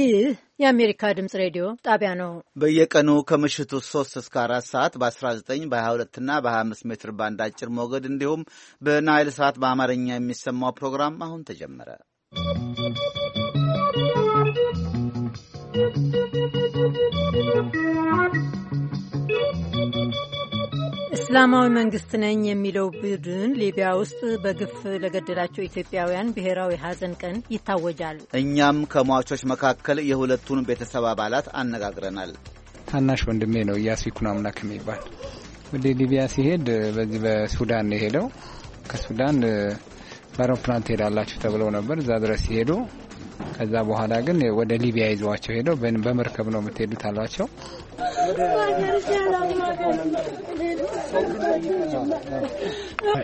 ይህ የአሜሪካ ድምፅ ሬዲዮ ጣቢያ ነው። በየቀኑ ከምሽቱ 3 እስከ 4 ሰዓት በ19 በ22 እና በ25 ሜትር ባንድ አጭር ሞገድ እንዲሁም በናይል ሰዓት በአማርኛ የሚሰማው ፕሮግራም አሁን ተጀመረ። እስላማዊ መንግስት ነኝ የሚለው ቡድን ሊቢያ ውስጥ በግፍ ለገደላቸው ኢትዮጵያውያን ብሔራዊ ሐዘን ቀን ይታወጃል። እኛም ከሟቾች መካከል የሁለቱን ቤተሰብ አባላት አነጋግረናል። ታናሽ ወንድሜ ነው እያሲኩን አምላክ የሚባል ወደ ሊቢያ ሲሄድ በዚህ በሱዳን ነው የሄደው። ከሱዳን ባረን ትሄዳላችሁ ሄዳላችሁ ተብለው ነበር። እዛ ድረስ ሲሄዱ ከዛ በኋላ ግን ወደ ሊቢያ ይዘዋቸው ሄደው በመርከብ ነው የምትሄዱት አሏቸው።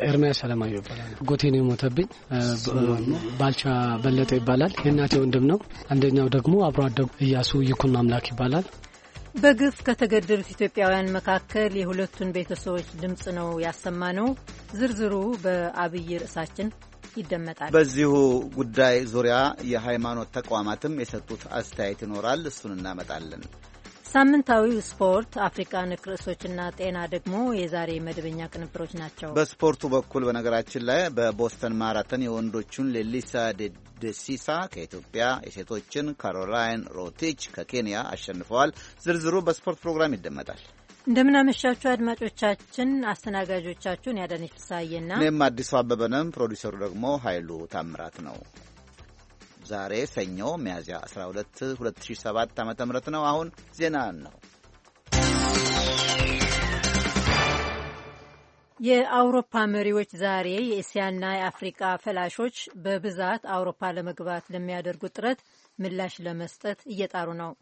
ኤርሚያስ አለማየ ይባላል። ጎቴ ነው የሞተብኝ። ባልቻ በለጠ ይባላል። የእናቴ ወንድም ነው። አንደኛው ደግሞ አብሮ አደጉ እያሱ ይኩን አምላክ ይባላል። በግፍ ከተገደሉት ኢትዮጵያውያን መካከል የሁለቱን ቤተሰቦች ድምፅ ነው ያሰማ ነው። ዝርዝሩ በአብይ ርዕሳችን ይደመጣል። በዚሁ ጉዳይ ዙሪያ የሃይማኖት ተቋማትም የሰጡት አስተያየት ይኖራል። እሱን እናመጣለን። ሳምንታዊው ስፖርት፣ አፍሪካ ነክ ርዕሶችና ጤና ደግሞ የዛሬ መደበኛ ቅንብሮች ናቸው። በስፖርቱ በኩል በነገራችን ላይ በቦስተን ማራተን የወንዶቹን ሌሊሳ ደሲሳ ከኢትዮጵያ የሴቶችን ካሮላይን ሮቲች ከኬንያ አሸንፈዋል። ዝርዝሩ በስፖርት ፕሮግራም ይደመጣል። እንደምናመሻችሁ አድማጮቻችን፣ አስተናጋጆቻችሁን ያዳነች ፍሳዬና እኔም አዲሱ አበበንም ፕሮዲሰሩ ደግሞ ኃይሉ ታምራት ነው። ዛሬ ሰኞ ሚያዝያ 12 2007 ዓ ም ነው። አሁን ዜና ነው። የአውሮፓ መሪዎች ዛሬ የእስያና የአፍሪቃ ፈላሾች በብዛት አውሮፓ ለመግባት ለሚያደርጉት ጥረት ምላሽ ለመስጠት እየጣሩ ነው።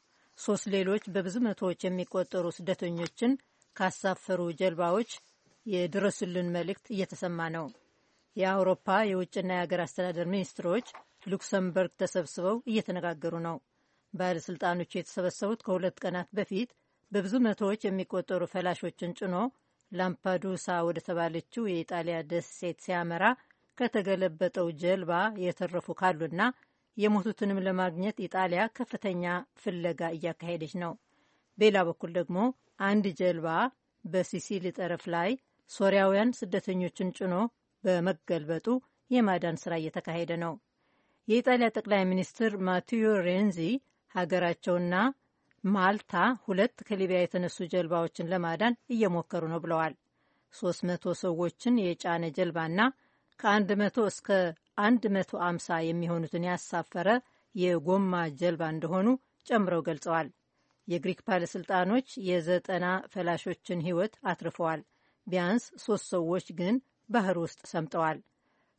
ሶስት ሌሎች በብዙ መቶዎች የሚቆጠሩ ስደተኞችን ካሳፈሩ ጀልባዎች የድረሱልን መልእክት እየተሰማ ነው። የአውሮፓ የውጭና የሀገር አስተዳደር ሚኒስትሮች ሉክሰምበርግ ተሰብስበው እየተነጋገሩ ነው። ባለሥልጣኖቹ የተሰበሰቡት ከሁለት ቀናት በፊት በብዙ መቶዎች የሚቆጠሩ ፈላሾችን ጭኖ ላምፓዱሳ ወደ ተባለችው የኢጣሊያ ደሴት ሲያመራ ከተገለበጠው ጀልባ የተረፉ ካሉና የሞቱትንም ለማግኘት ኢጣሊያ ከፍተኛ ፍለጋ እያካሄደች ነው። በሌላ በኩል ደግሞ አንድ ጀልባ በሲሲሊ ጠረፍ ላይ ሶሪያውያን ስደተኞችን ጭኖ በመገልበጡ የማዳን ስራ እየተካሄደ ነው። የኢጣሊያ ጠቅላይ ሚኒስትር ማቴዮ ሬንዚ ሀገራቸውና ማልታ ሁለት ከሊቢያ የተነሱ ጀልባዎችን ለማዳን እየሞከሩ ነው ብለዋል። 300 ሰዎችን የጫነ ጀልባና ከ100 እስከ 150 የሚሆኑትን ያሳፈረ የጎማ ጀልባ እንደሆኑ ጨምረው ገልጸዋል። የግሪክ ባለሥልጣኖች የዘጠና ፈላሾችን ሕይወት አትርፈዋል። ቢያንስ ሦስት ሰዎች ግን ባህር ውስጥ ሰምጠዋል።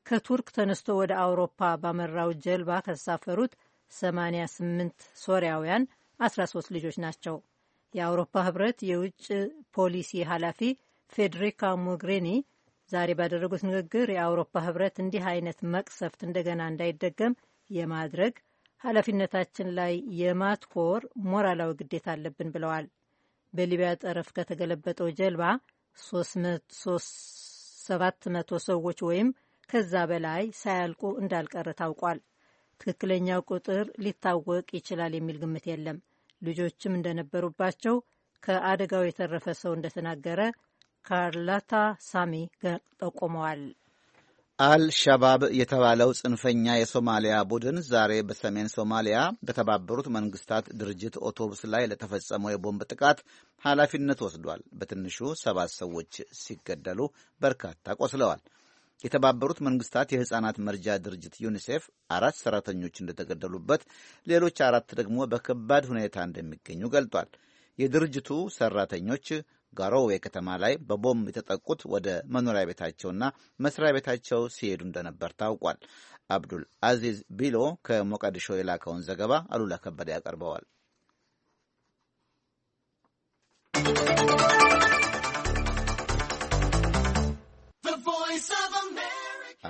ከቱርክ ተነስቶ ወደ አውሮፓ ባመራው ጀልባ ከተሳፈሩት 88 ሶሪያውያን 13 ልጆች ናቸው። የአውሮፓ ህብረት የውጭ ፖሊሲ ኃላፊ ፌዴሪካ ሞግሬኒ ዛሬ ባደረጉት ንግግር የአውሮፓ ህብረት እንዲህ አይነት መቅሰፍት እንደገና እንዳይደገም የማድረግ ኃላፊነታችን ላይ የማትኮር ሞራላዊ ግዴታ አለብን ብለዋል። በሊቢያ ጠረፍ ከተገለበጠው ጀልባ 700 ሰዎች ወይም ከዛ በላይ ሳያልቁ እንዳልቀረ ታውቋል። ትክክለኛው ቁጥር ሊታወቅ ይችላል የሚል ግምት የለም። ልጆችም እንደነበሩባቸው ከአደጋው የተረፈ ሰው እንደተናገረ ካርላታ ሳሚ ጠቁመዋል። አልሻባብ የተባለው ጽንፈኛ የሶማሊያ ቡድን ዛሬ በሰሜን ሶማሊያ በተባበሩት መንግስታት ድርጅት ኦቶቡስ ላይ ለተፈጸመው የቦምብ ጥቃት ኃላፊነት ወስዷል። በትንሹ ሰባት ሰዎች ሲገደሉ በርካታ ቆስለዋል። የተባበሩት መንግስታት የሕፃናት መርጃ ድርጅት ዩኒሴፍ አራት ሰራተኞች እንደተገደሉበት፣ ሌሎች አራት ደግሞ በከባድ ሁኔታ እንደሚገኙ ገልጧል። የድርጅቱ ሠራተኞች ጋሮዌ ከተማ ላይ በቦምብ የተጠቁት ወደ መኖሪያ ቤታቸውና መስሪያ ቤታቸው ሲሄዱ እንደነበር ታውቋል። አብዱል አዚዝ ቢሎ ከሞቃዲሾ የላከውን ዘገባ አሉላ ከበደ ያቀርበዋል።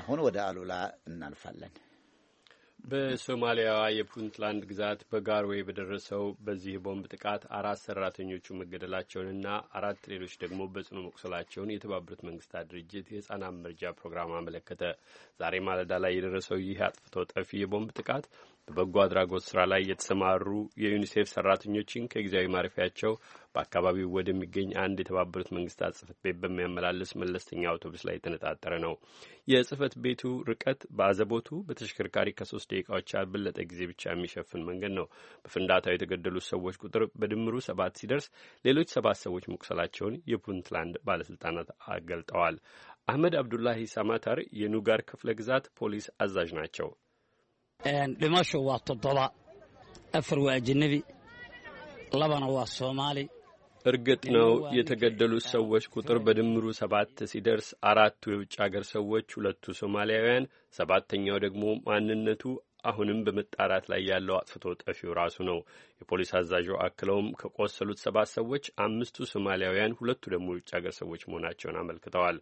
አሁን ወደ አሉላ እናልፋለን። በሶማሊያዋ የፑንትላንድ ግዛት በጋርዌይ በደረሰው በዚህ ቦምብ ጥቃት አራት ሰራተኞቹ መገደላቸውንና አራት ሌሎች ደግሞ በጽኑ መቁሰላቸውን የተባበሩት መንግስታት ድርጅት የህጻናት መርጃ ፕሮግራም አመለከተ። ዛሬ ማለዳ ላይ የደረሰው ይህ አጥፍቶ ጠፊ የቦምብ ጥቃት በበጎ አድራጎት ስራ ላይ የተሰማሩ የዩኒሴፍ ሰራተኞችን ከጊዜያዊ ማረፊያቸው በአካባቢው ወደሚገኝ አንድ የተባበሩት መንግስታት ጽህፈት ቤት በሚያመላልስ መለስተኛ አውቶቡስ ላይ የተነጣጠረ ነው። የጽህፈት ቤቱ ርቀት በአዘቦቱ በተሽከርካሪ ከሶስት ደቂቃዎች ያልበለጠ ጊዜ ብቻ የሚሸፍን መንገድ ነው። በፍንዳታው የተገደሉት ሰዎች ቁጥር በድምሩ ሰባት ሲደርስ ሌሎች ሰባት ሰዎች መቁሰላቸውን የፑንትላንድ ባለስልጣናት ገልጠዋል። አህመድ አብዱላሂ ሳማታር የኑጋር ክፍለ ግዛት ፖሊስ አዛዥ ናቸው። dhimashu waa toddoba afar waa ajanabi labana waa soomaali እርግጥ ነው የተገደሉት ሰዎች ቁጥር በድምሩ ሰባት ሲደርስ አራቱ የውጭ አገር ሰዎች፣ ሁለቱ ሶማሊያውያን፣ ሰባተኛው ደግሞ ማንነቱ አሁንም በመጣራት ላይ ያለው አጥፍቶ ጠፊው ራሱ ነው። የፖሊስ አዛዡ አክለውም ከቆሰሉት ሰባት ሰዎች አምስቱ ሶማሊያውያን፣ ሁለቱ ደግሞ የውጭ ሀገር ሰዎች መሆናቸውን አመልክተዋል።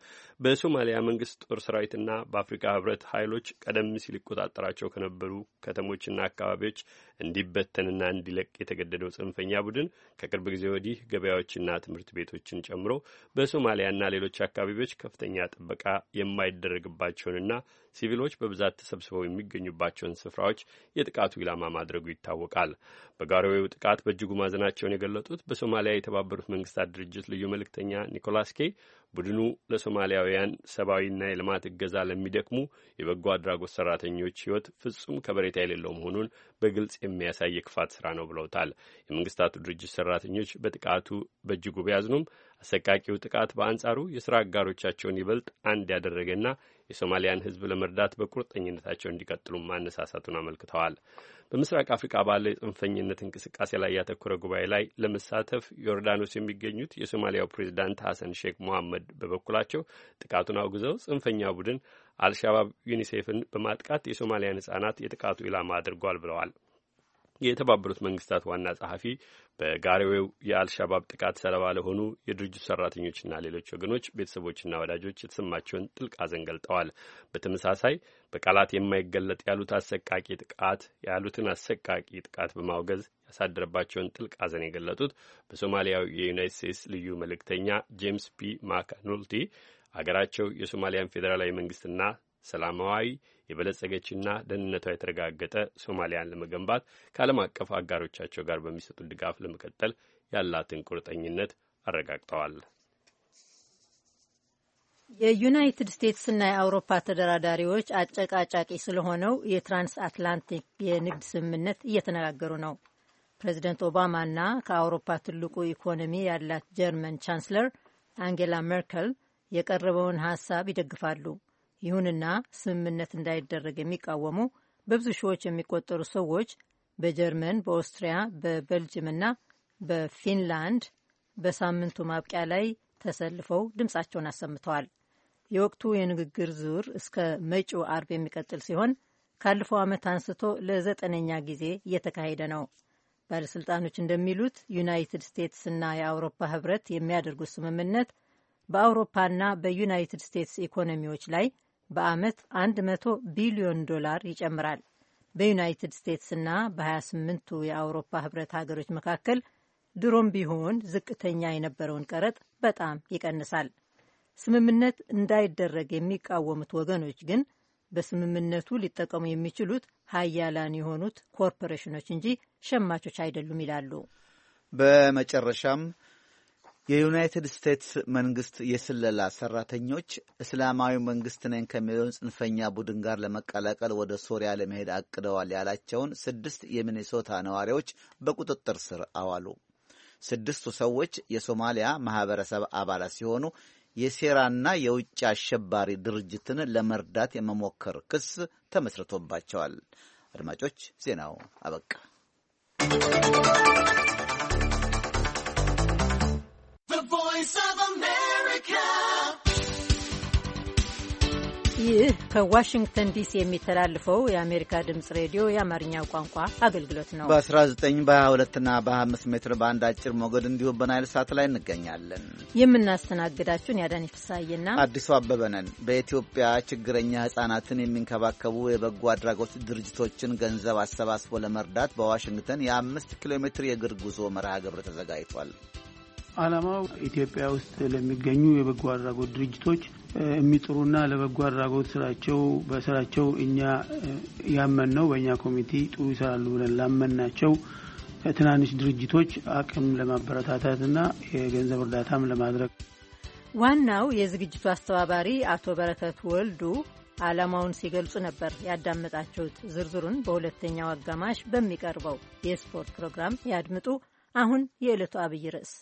በሶማሊያ መንግስት ጦር ሰራዊትና በአፍሪካ ህብረት ኃይሎች ቀደም ሲል ይቆጣጠራቸው ከነበሩ ከተሞችና አካባቢዎች እንዲበተንና እንዲለቅ የተገደደው ጽንፈኛ ቡድን ከቅርብ ጊዜ ወዲህ ገበያዎችና ትምህርት ቤቶችን ጨምሮ በሶማሊያና ሌሎች አካባቢዎች ከፍተኛ ጥበቃ የማይደረግባቸውንና ሲቪሎች በብዛት ተሰብስበው የሚገኙባቸውን ስፍራዎች የጥቃቱ ኢላማ ማድረጉ ይታወቃል። በአረዌው ጥቃት በእጅጉ ማዘናቸውን የገለጡት በሶማሊያ የተባበሩት መንግስታት ድርጅት ልዩ መልእክተኛ ኒኮላስ ኬ ቡድኑ ለሶማሊያውያን ሰብአዊና የልማት እገዛ ለሚደክሙ የበጎ አድራጎት ሰራተኞች ህይወት ፍጹም ከበሬታ የሌለው መሆኑን በግልጽ የሚያሳይ የክፋት ስራ ነው ብለውታል። የመንግስታቱ ድርጅት ሰራተኞች በጥቃቱ በእጅጉ ቢያዝኑም አሰቃቂው ጥቃት በአንጻሩ የስራ አጋሮቻቸውን ይበልጥ አንድ ያደረገና የሶማሊያን ህዝብ ለመርዳት በቁርጠኝነታቸው እንዲቀጥሉ ማነሳሳቱን አመልክተዋል። በምስራቅ አፍሪካ ባለ የጽንፈኝነት እንቅስቃሴ ላይ ያተኮረ ጉባኤ ላይ ለመሳተፍ ዮርዳኖስ የሚገኙት የሶማሊያው ፕሬዚዳንት ሐሰን ሼክ ሞሐመድ በበኩላቸው ጥቃቱን አውግዘው ጽንፈኛ ቡድን አልሻባብ ዩኒሴፍን በማጥቃት የሶማሊያን ህጻናት የጥቃቱ ኢላማ አድርጓል ብለዋል። የተባበሩት መንግስታት ዋና ጸሐፊ በጋሪዌው የአልሻባብ ጥቃት ሰለባ ለሆኑ የድርጅቱ ሰራተኞችና ሌሎች ወገኖች ቤተሰቦችና ወዳጆች የተሰማቸውን ጥልቅ አዘን ገልጠዋል። በተመሳሳይ በቃላት የማይገለጥ ያሉት አሰቃቂ ጥቃት ያሉትን አሰቃቂ ጥቃት በማውገዝ ያሳደረባቸውን ጥልቅ አዘን የገለጡት በሶማሊያው የዩናይት ስቴትስ ልዩ መልእክተኛ ጄምስ ፒ ማካኖልቲ አገራቸው የሶማሊያን ፌዴራላዊ መንግስትና ሰላማዊ የበለጸገችና ደህንነቷ የተረጋገጠ ሶማሊያን ለመገንባት ከዓለም አቀፍ አጋሮቻቸው ጋር በሚሰጡት ድጋፍ ለመቀጠል ያላትን ቁርጠኝነት አረጋግጠዋል። የዩናይትድ ስቴትስና የአውሮፓ ተደራዳሪዎች አጨቃጫቂ ስለሆነው የትራንስ አትላንቲክ የንግድ ስምምነት እየተነጋገሩ ነው። ፕሬዚደንት ኦባማና ከአውሮፓ ትልቁ ኢኮኖሚ ያላት ጀርመን ቻንስለር አንጌላ ሜርከል የቀረበውን ሀሳብ ይደግፋሉ። ይሁንና ስምምነት እንዳይደረግ የሚቃወሙ በብዙ ሺዎች የሚቆጠሩ ሰዎች በጀርመን፣ በኦስትሪያ፣ እና በፊንላንድ በሳምንቱ ማብቂያ ላይ ተሰልፈው ድምፃቸውን አሰምተዋል። የወቅቱ የንግግር ዙር እስከ መጪው አርብ የሚቀጥል ሲሆን ካለፈው ዓመት አንስቶ ለዘጠነኛ ጊዜ እየተካሄደ ነው። ባለሥልጣኖች እንደሚሉት ዩናይትድ ስቴትስ ና የአውሮፓ ህብረት የሚያደርጉት ስምምነት በአውሮፓና በዩናይትድ ስቴትስ ኢኮኖሚዎች ላይ በዓመት 100 ቢሊዮን ዶላር ይጨምራል። በዩናይትድ ስቴትስና በ28ቱ የአውሮፓ ህብረት ሀገሮች መካከል ድሮም ቢሆን ዝቅተኛ የነበረውን ቀረጥ በጣም ይቀንሳል። ስምምነት እንዳይደረግ የሚቃወሙት ወገኖች ግን በስምምነቱ ሊጠቀሙ የሚችሉት ሀያላን የሆኑት ኮርፖሬሽኖች እንጂ ሸማቾች አይደሉም ይላሉ። በመጨረሻም የዩናይትድ ስቴትስ መንግስት የስለላ ሰራተኞች እስላማዊ መንግስት ነኝ ከሚለውን ጽንፈኛ ቡድን ጋር ለመቀላቀል ወደ ሶሪያ ለመሄድ አቅደዋል ያላቸውን ስድስት የሚኒሶታ ነዋሪዎች በቁጥጥር ስር አዋሉ። ስድስቱ ሰዎች የሶማሊያ ማህበረሰብ አባላት ሲሆኑ የሴራና የውጭ አሸባሪ ድርጅትን ለመርዳት የመሞከር ክስ ተመስርቶባቸዋል። አድማጮች ዜናው አበቃ። ይህ ከዋሽንግተን ዲሲ የሚተላልፈው የአሜሪካ ድምፅ ሬዲዮ የአማርኛ ቋንቋ አገልግሎት ነው። በ19 በ22ና በ25 ሜትር በአንድ አጭር ሞገድ እንዲሁም በናይል ሳት ላይ እንገኛለን። የምናስተናግዳችሁን ያዳነች ፍስሐዬና አዲሱ አበበ ነን። በኢትዮጵያ ችግረኛ ሕጻናትን የሚንከባከቡ የበጎ አድራጎት ድርጅቶችን ገንዘብ አሰባስቦ ለመርዳት በዋሽንግተን የአምስት ኪሎ ሜትር የእግር ጉዞ መርሃ ግብር ተዘጋጅቷል። ዓላማው ኢትዮጵያ ውስጥ ለሚገኙ የበጎ አድራጎት ድርጅቶች የሚጥሩና ለበጎ አድራጎት ስራቸው በስራቸው እኛ ያመን ነው በእኛ ኮሚቴ ጥሩ ይሰራሉ ብለን ላመን ናቸው ትናንሽ ድርጅቶች አቅም ለማበረታታትና የገንዘብ እርዳታም ለማድረግ ዋናው የዝግጅቱ አስተባባሪ አቶ በረከት ወልዱ ዓላማውን ሲገልጹ ነበር ያዳመጣችሁት። ዝርዝሩን በሁለተኛው አጋማሽ በሚቀርበው የስፖርት ፕሮግራም ያድምጡ። አሁን የዕለቱ አብይ ርዕስ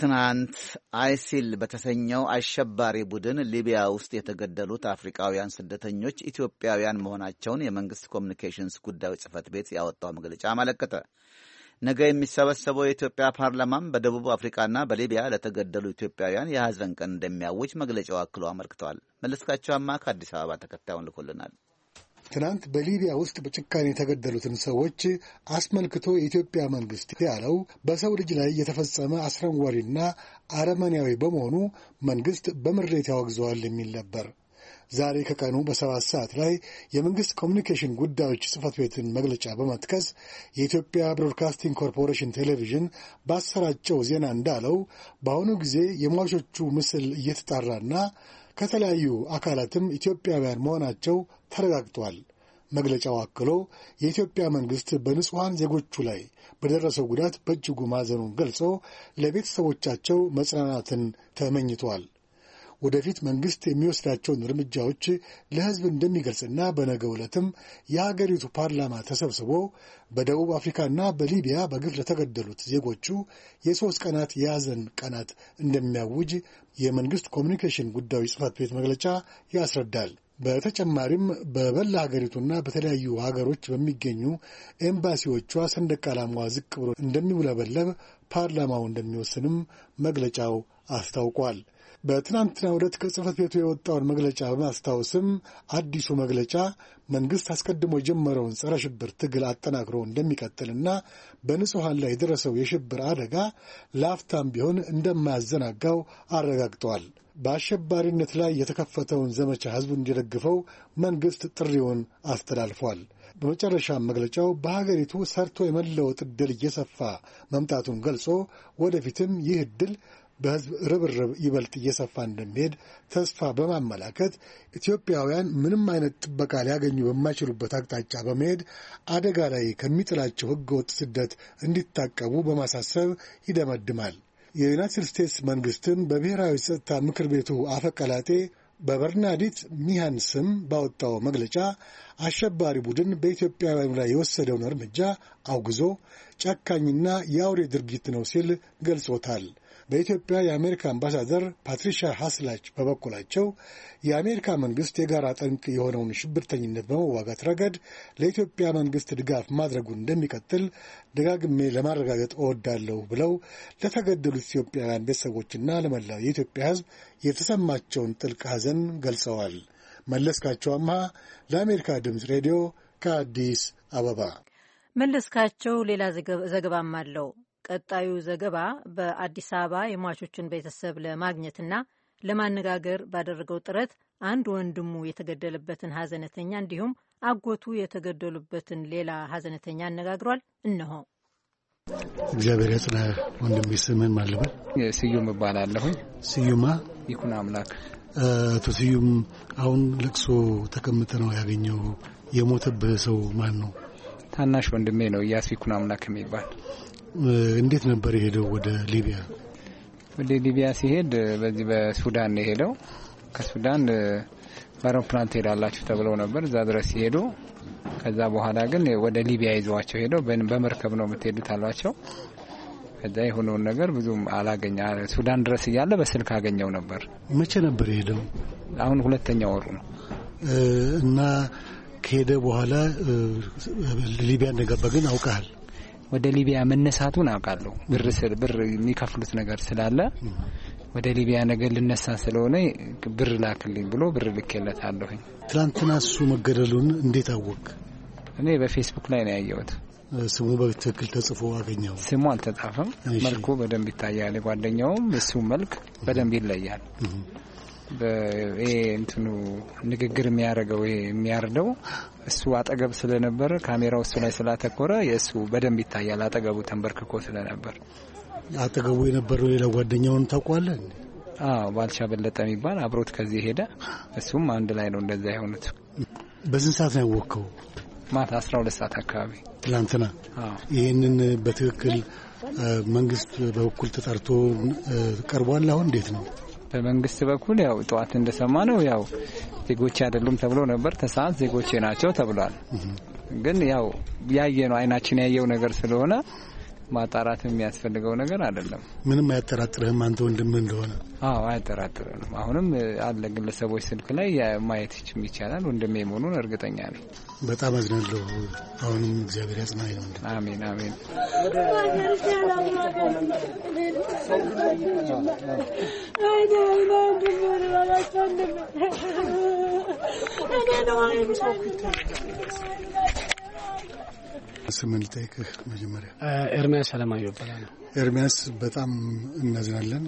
ትናንት አይሲል በተሰኘው አሸባሪ ቡድን ሊቢያ ውስጥ የተገደሉት አፍሪካውያን ስደተኞች ኢትዮጵያውያን መሆናቸውን የመንግስት ኮሚኒኬሽንስ ጉዳዮች ጽህፈት ቤት ያወጣው መግለጫ አመለከተ። ነገ የሚሰበሰበው የኢትዮጵያ ፓርላማም በደቡብ አፍሪካና በሊቢያ ለተገደሉ ኢትዮጵያውያን የሐዘን ቀን እንደሚያውጅ መግለጫው አክሎ አመልክተዋል። መለስካቸው አማ ከአዲስ አበባ ተከታዩን ልኮልናል። ትናንት በሊቢያ ውስጥ በጭካኔ የተገደሉትን ሰዎች አስመልክቶ የኢትዮጵያ መንግስት ያለው በሰው ልጅ ላይ የተፈጸመ አስረንጓዴና አረመኔያዊ በመሆኑ መንግስት በምሬት ያወግዘዋል የሚል ነበር። ዛሬ ከቀኑ በሰባት ሰዓት ላይ የመንግስት ኮሚኒኬሽን ጉዳዮች ጽህፈት ቤትን መግለጫ በመጥቀስ የኢትዮጵያ ብሮድካስቲንግ ኮርፖሬሽን ቴሌቪዥን ባሰራጨው ዜና እንዳለው በአሁኑ ጊዜ የሟቾቹ ምስል እየተጣራና ከተለያዩ አካላትም ኢትዮጵያውያን መሆናቸው ተረጋግጧል። መግለጫው አክሎ የኢትዮጵያ መንግሥት በንጹሐን ዜጎቹ ላይ በደረሰው ጉዳት በእጅጉ ማዘኑን ገልጾ ለቤተሰቦቻቸው መጽናናትን ተመኝቷል። ወደፊት መንግስት የሚወስዳቸውን እርምጃዎች ለህዝብ እንደሚገልጽና በነገ ዕለትም የሀገሪቱ ፓርላማ ተሰብስቦ በደቡብ አፍሪካና በሊቢያ በግፍ ለተገደሉት ዜጎቹ የሦስት ቀናት የያዘን ቀናት እንደሚያውጅ የመንግስት ኮሚኒኬሽን ጉዳዮች ጽህፈት ቤት መግለጫ ያስረዳል። በተጨማሪም በበላ ሀገሪቱና በተለያዩ ሀገሮች በሚገኙ ኤምባሲዎቿ ሰንደቅ ዓላማዋ ዝቅ ብሎ እንደሚውለበለብ ፓርላማው እንደሚወስንም መግለጫው አስታውቋል። በትናንትና ዕለት ከጽህፈት ቤቱ የወጣውን መግለጫ በማስታወስም አዲሱ መግለጫ መንግሥት አስቀድሞ የጀመረውን ጸረ ሽብር ትግል አጠናክሮ እንደሚቀጥልና በንጹሐን ላይ የደረሰው የሽብር አደጋ ለአፍታም ቢሆን እንደማያዘናጋው አረጋግጠዋል። በአሸባሪነት ላይ የተከፈተውን ዘመቻ ህዝቡ እንዲደግፈው መንግሥት ጥሪውን አስተላልፏል። በመጨረሻም መግለጫው በሀገሪቱ ሰርቶ የመለወጥ ዕድል እየሰፋ መምጣቱን ገልጾ ወደፊትም ይህ ዕድል በህዝብ ርብርብ ይበልጥ እየሰፋ እንደሚሄድ ተስፋ በማመላከት ኢትዮጵያውያን ምንም አይነት ጥበቃ ሊያገኙ በማይችሉበት አቅጣጫ በመሄድ አደጋ ላይ ከሚጥላቸው ህገወጥ ስደት እንዲታቀቡ በማሳሰብ ይደመድማል። የዩናይትድ ስቴትስ መንግስትም በብሔራዊ ጸጥታ ምክር ቤቱ አፈቀላጤ በበርናዲት ሚሃን ስም ባወጣው መግለጫ አሸባሪ ቡድን በኢትዮጵያውያኑ ላይ የወሰደውን እርምጃ አውግዞ ጨካኝና የአውሬ ድርጊት ነው ሲል ገልጾታል። በኢትዮጵያ የአሜሪካ አምባሳደር ፓትሪሻ ሀስላች በበኩላቸው የአሜሪካ መንግስት የጋራ ጠንቅ የሆነውን ሽብርተኝነት በመዋጋት ረገድ ለኢትዮጵያ መንግስት ድጋፍ ማድረጉን እንደሚቀጥል ደጋግሜ ለማረጋገጥ እወዳለሁ ብለው ለተገደሉት ኢትዮጵያውያን ቤተሰቦችና ለመላው የኢትዮጵያ ሕዝብ የተሰማቸውን ጥልቅ ሐዘን ገልጸዋል። መለስካቸው አምሃ ለአሜሪካ ድምፅ ሬዲዮ ከአዲስ አበባ መለስካቸው ሌላ ዘገባም አለው። ቀጣዩ ዘገባ በአዲስ አበባ የሟቾችን ቤተሰብ ለማግኘትና ለማነጋገር ባደረገው ጥረት አንድ ወንድሙ የተገደለበትን ሀዘነተኛ እንዲሁም አጎቱ የተገደሉበትን ሌላ ሀዘነተኛ አነጋግሯል። እነሆ። እግዚአብሔር ያጽና ወንድም ስምን ማን ስዩም እባላለሁኝ። ስዩማ ይኩን አምላክ። አቶ ስዩም አሁን ለቅሶ ተቀምጠ ነው ያገኘው። የሞተብህ ሰው ማን ነው? ታናሽ ወንድሜ ነው፣ እያስ ይኩን አምላክ የሚባል እንዴት ነበር የሄደው ወደ ሊቢያ? ወደ ሊቢያ ሲሄድ በዚህ በሱዳን ነው የሄደው። ከሱዳን በአውሮፕላን ትሄዳላችሁ ተብለው ነበር እዛ ድረስ ሲሄዱ፣ ከዛ በኋላ ግን ወደ ሊቢያ ይዘዋቸው ሄደው በመርከብ ነው የምትሄዱት አሏቸው። ከዛ የሆነውን ነገር ብዙም አላገኘ ሱዳን ድረስ እያለ በስልክ አገኘው ነበር። መቼ ነበር የሄደው? አሁን ሁለተኛ ወሩ ነው እና ከሄደ በኋላ ሊቢያ እንደገባ ግን አውቀሃል? ወደ ሊቢያ መነሳቱን አውቃለሁ። ብር ብር የሚከፍሉት ነገር ስላለ ወደ ሊቢያ ነገር ልነሳ ስለሆነ ብር ላክልኝ ብሎ ብር ልኬለታለሁኝ። ትላንትና እሱ መገደሉን እንዴት አወቅ? እኔ በፌስቡክ ላይ ነው ያየሁት። ስሙ በትክክል ተጽፎ አገኘው። ስሙ አልተጻፈም፣ መልኩ በደንብ ይታያል። ጓደኛውም እሱ መልክ በደንብ ይለያል። እንትኑ ንግግር የሚያደርገው የሚያርደው እሱ አጠገብ ስለነበረ ካሜራው እሱ ላይ ስላተኮረ የእሱ በደንብ ይታያል። አጠገቡ ተንበርክኮ ስለነበር አጠገቡ የነበረው ሌላ ጓደኛውን ታውቋለህ? አዎ ባልቻ በለጠ የሚባል አብሮት ከዚህ ሄደ። እሱም አንድ ላይ ነው እንደዛ የሆኑት። በስንት ሰዓት ነው ያወቅከው? ማታ አስራ ሁለት ሰዓት አካባቢ ትላንትና። ይህንን በትክክል መንግስት በኩል ተጣርቶ ቀርቧል። አሁን እንዴት ነው በመንግስት በኩል ያው ጠዋት እንደሰማ ነው ያው ዜጎች አይደሉም ተብሎ ነበር። ተሳት ዜጎቼ ናቸው ተብሏል። ግን ያው ያየ ነው አይናችን ያየው ነገር ስለሆነ ማጣራት የሚያስፈልገው ነገር አይደለም። ምንም አያጠራጥርህም አንተ ወንድም እንደሆነ? አዎ አያጠራጥርንም። አሁንም አለ ግለሰቦች ስልክ ላይ ማየት ይቻላል። ወንድሜ መሆኑን እርግጠኛ ነኝ። በጣም አዝናለሁ። አሁንም እግዚአብሔር ያጽናኝ ነው። አሜን አሜን። ስምን ልጠይቅህ መጀመሪያ። ኤርሚያስ አለማየሁ ይባላል። ኤርሚያስ በጣም እናዝናለን።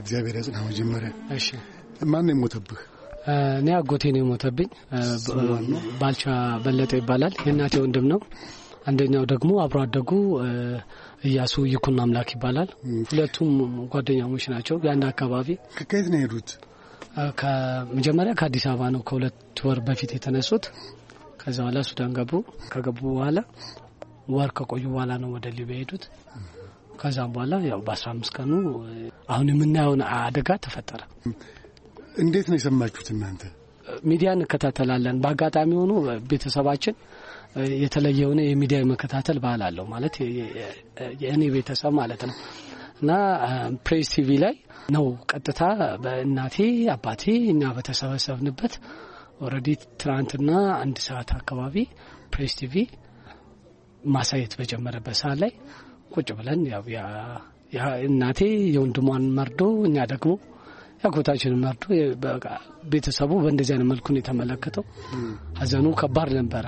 እግዚአብሔር ያጽና። መጀመሪያ እሺ፣ ማን ነው የሞተብህ? እኔ አጎቴ ነው የሞተብኝ። ባልቻ በለጠ ይባላል። የእናቴ ወንድም ነው። አንደኛው ደግሞ አብሮ አደጉ እያሱ ይኩን አምላክ ይባላል። ሁለቱም ጓደኛሞች ናቸው፣ የአንድ አካባቢ። ከየት ነው የሄዱት? ከመጀመሪያ ከአዲስ አበባ ነው ከሁለት ወር በፊት የተነሱት። ከዚ በኋላ ሱዳን ገቡ። ከገቡ በኋላ ወር ከቆዩ በኋላ ነው ወደ ሊቢያ ሄዱት። ከዛም በኋላ ያው በአስራ አምስት ቀኑ አሁን የምናየውን አደጋ ተፈጠረ። እንዴት ነው የሰማችሁት እናንተ? ሚዲያ እንከታተላለን። በአጋጣሚ ሆኖ ቤተሰባችን የተለየ የሆነ የሚዲያ የመከታተል ባህል አለው ማለት የእኔ ቤተሰብ ማለት ነው እና ፕሬስ ቲቪ ላይ ነው ቀጥታ በእናቴ አባቴ እኛ በተሰበሰብንበት ኦልሬዲ ትናንትና አንድ ሰዓት አካባቢ ፕሬስ ቲቪ ማሳየት በጀመረበት ሰዓት ላይ ቁጭ ብለን ያው እናቴ የወንድሟን መርዶ እኛ ደግሞ ያጎታችንን መርዶ ቤተሰቡ በእንደዚህ አይነት መልኩ የተመለከተው። ሀዘኑ ከባድ ነበረ።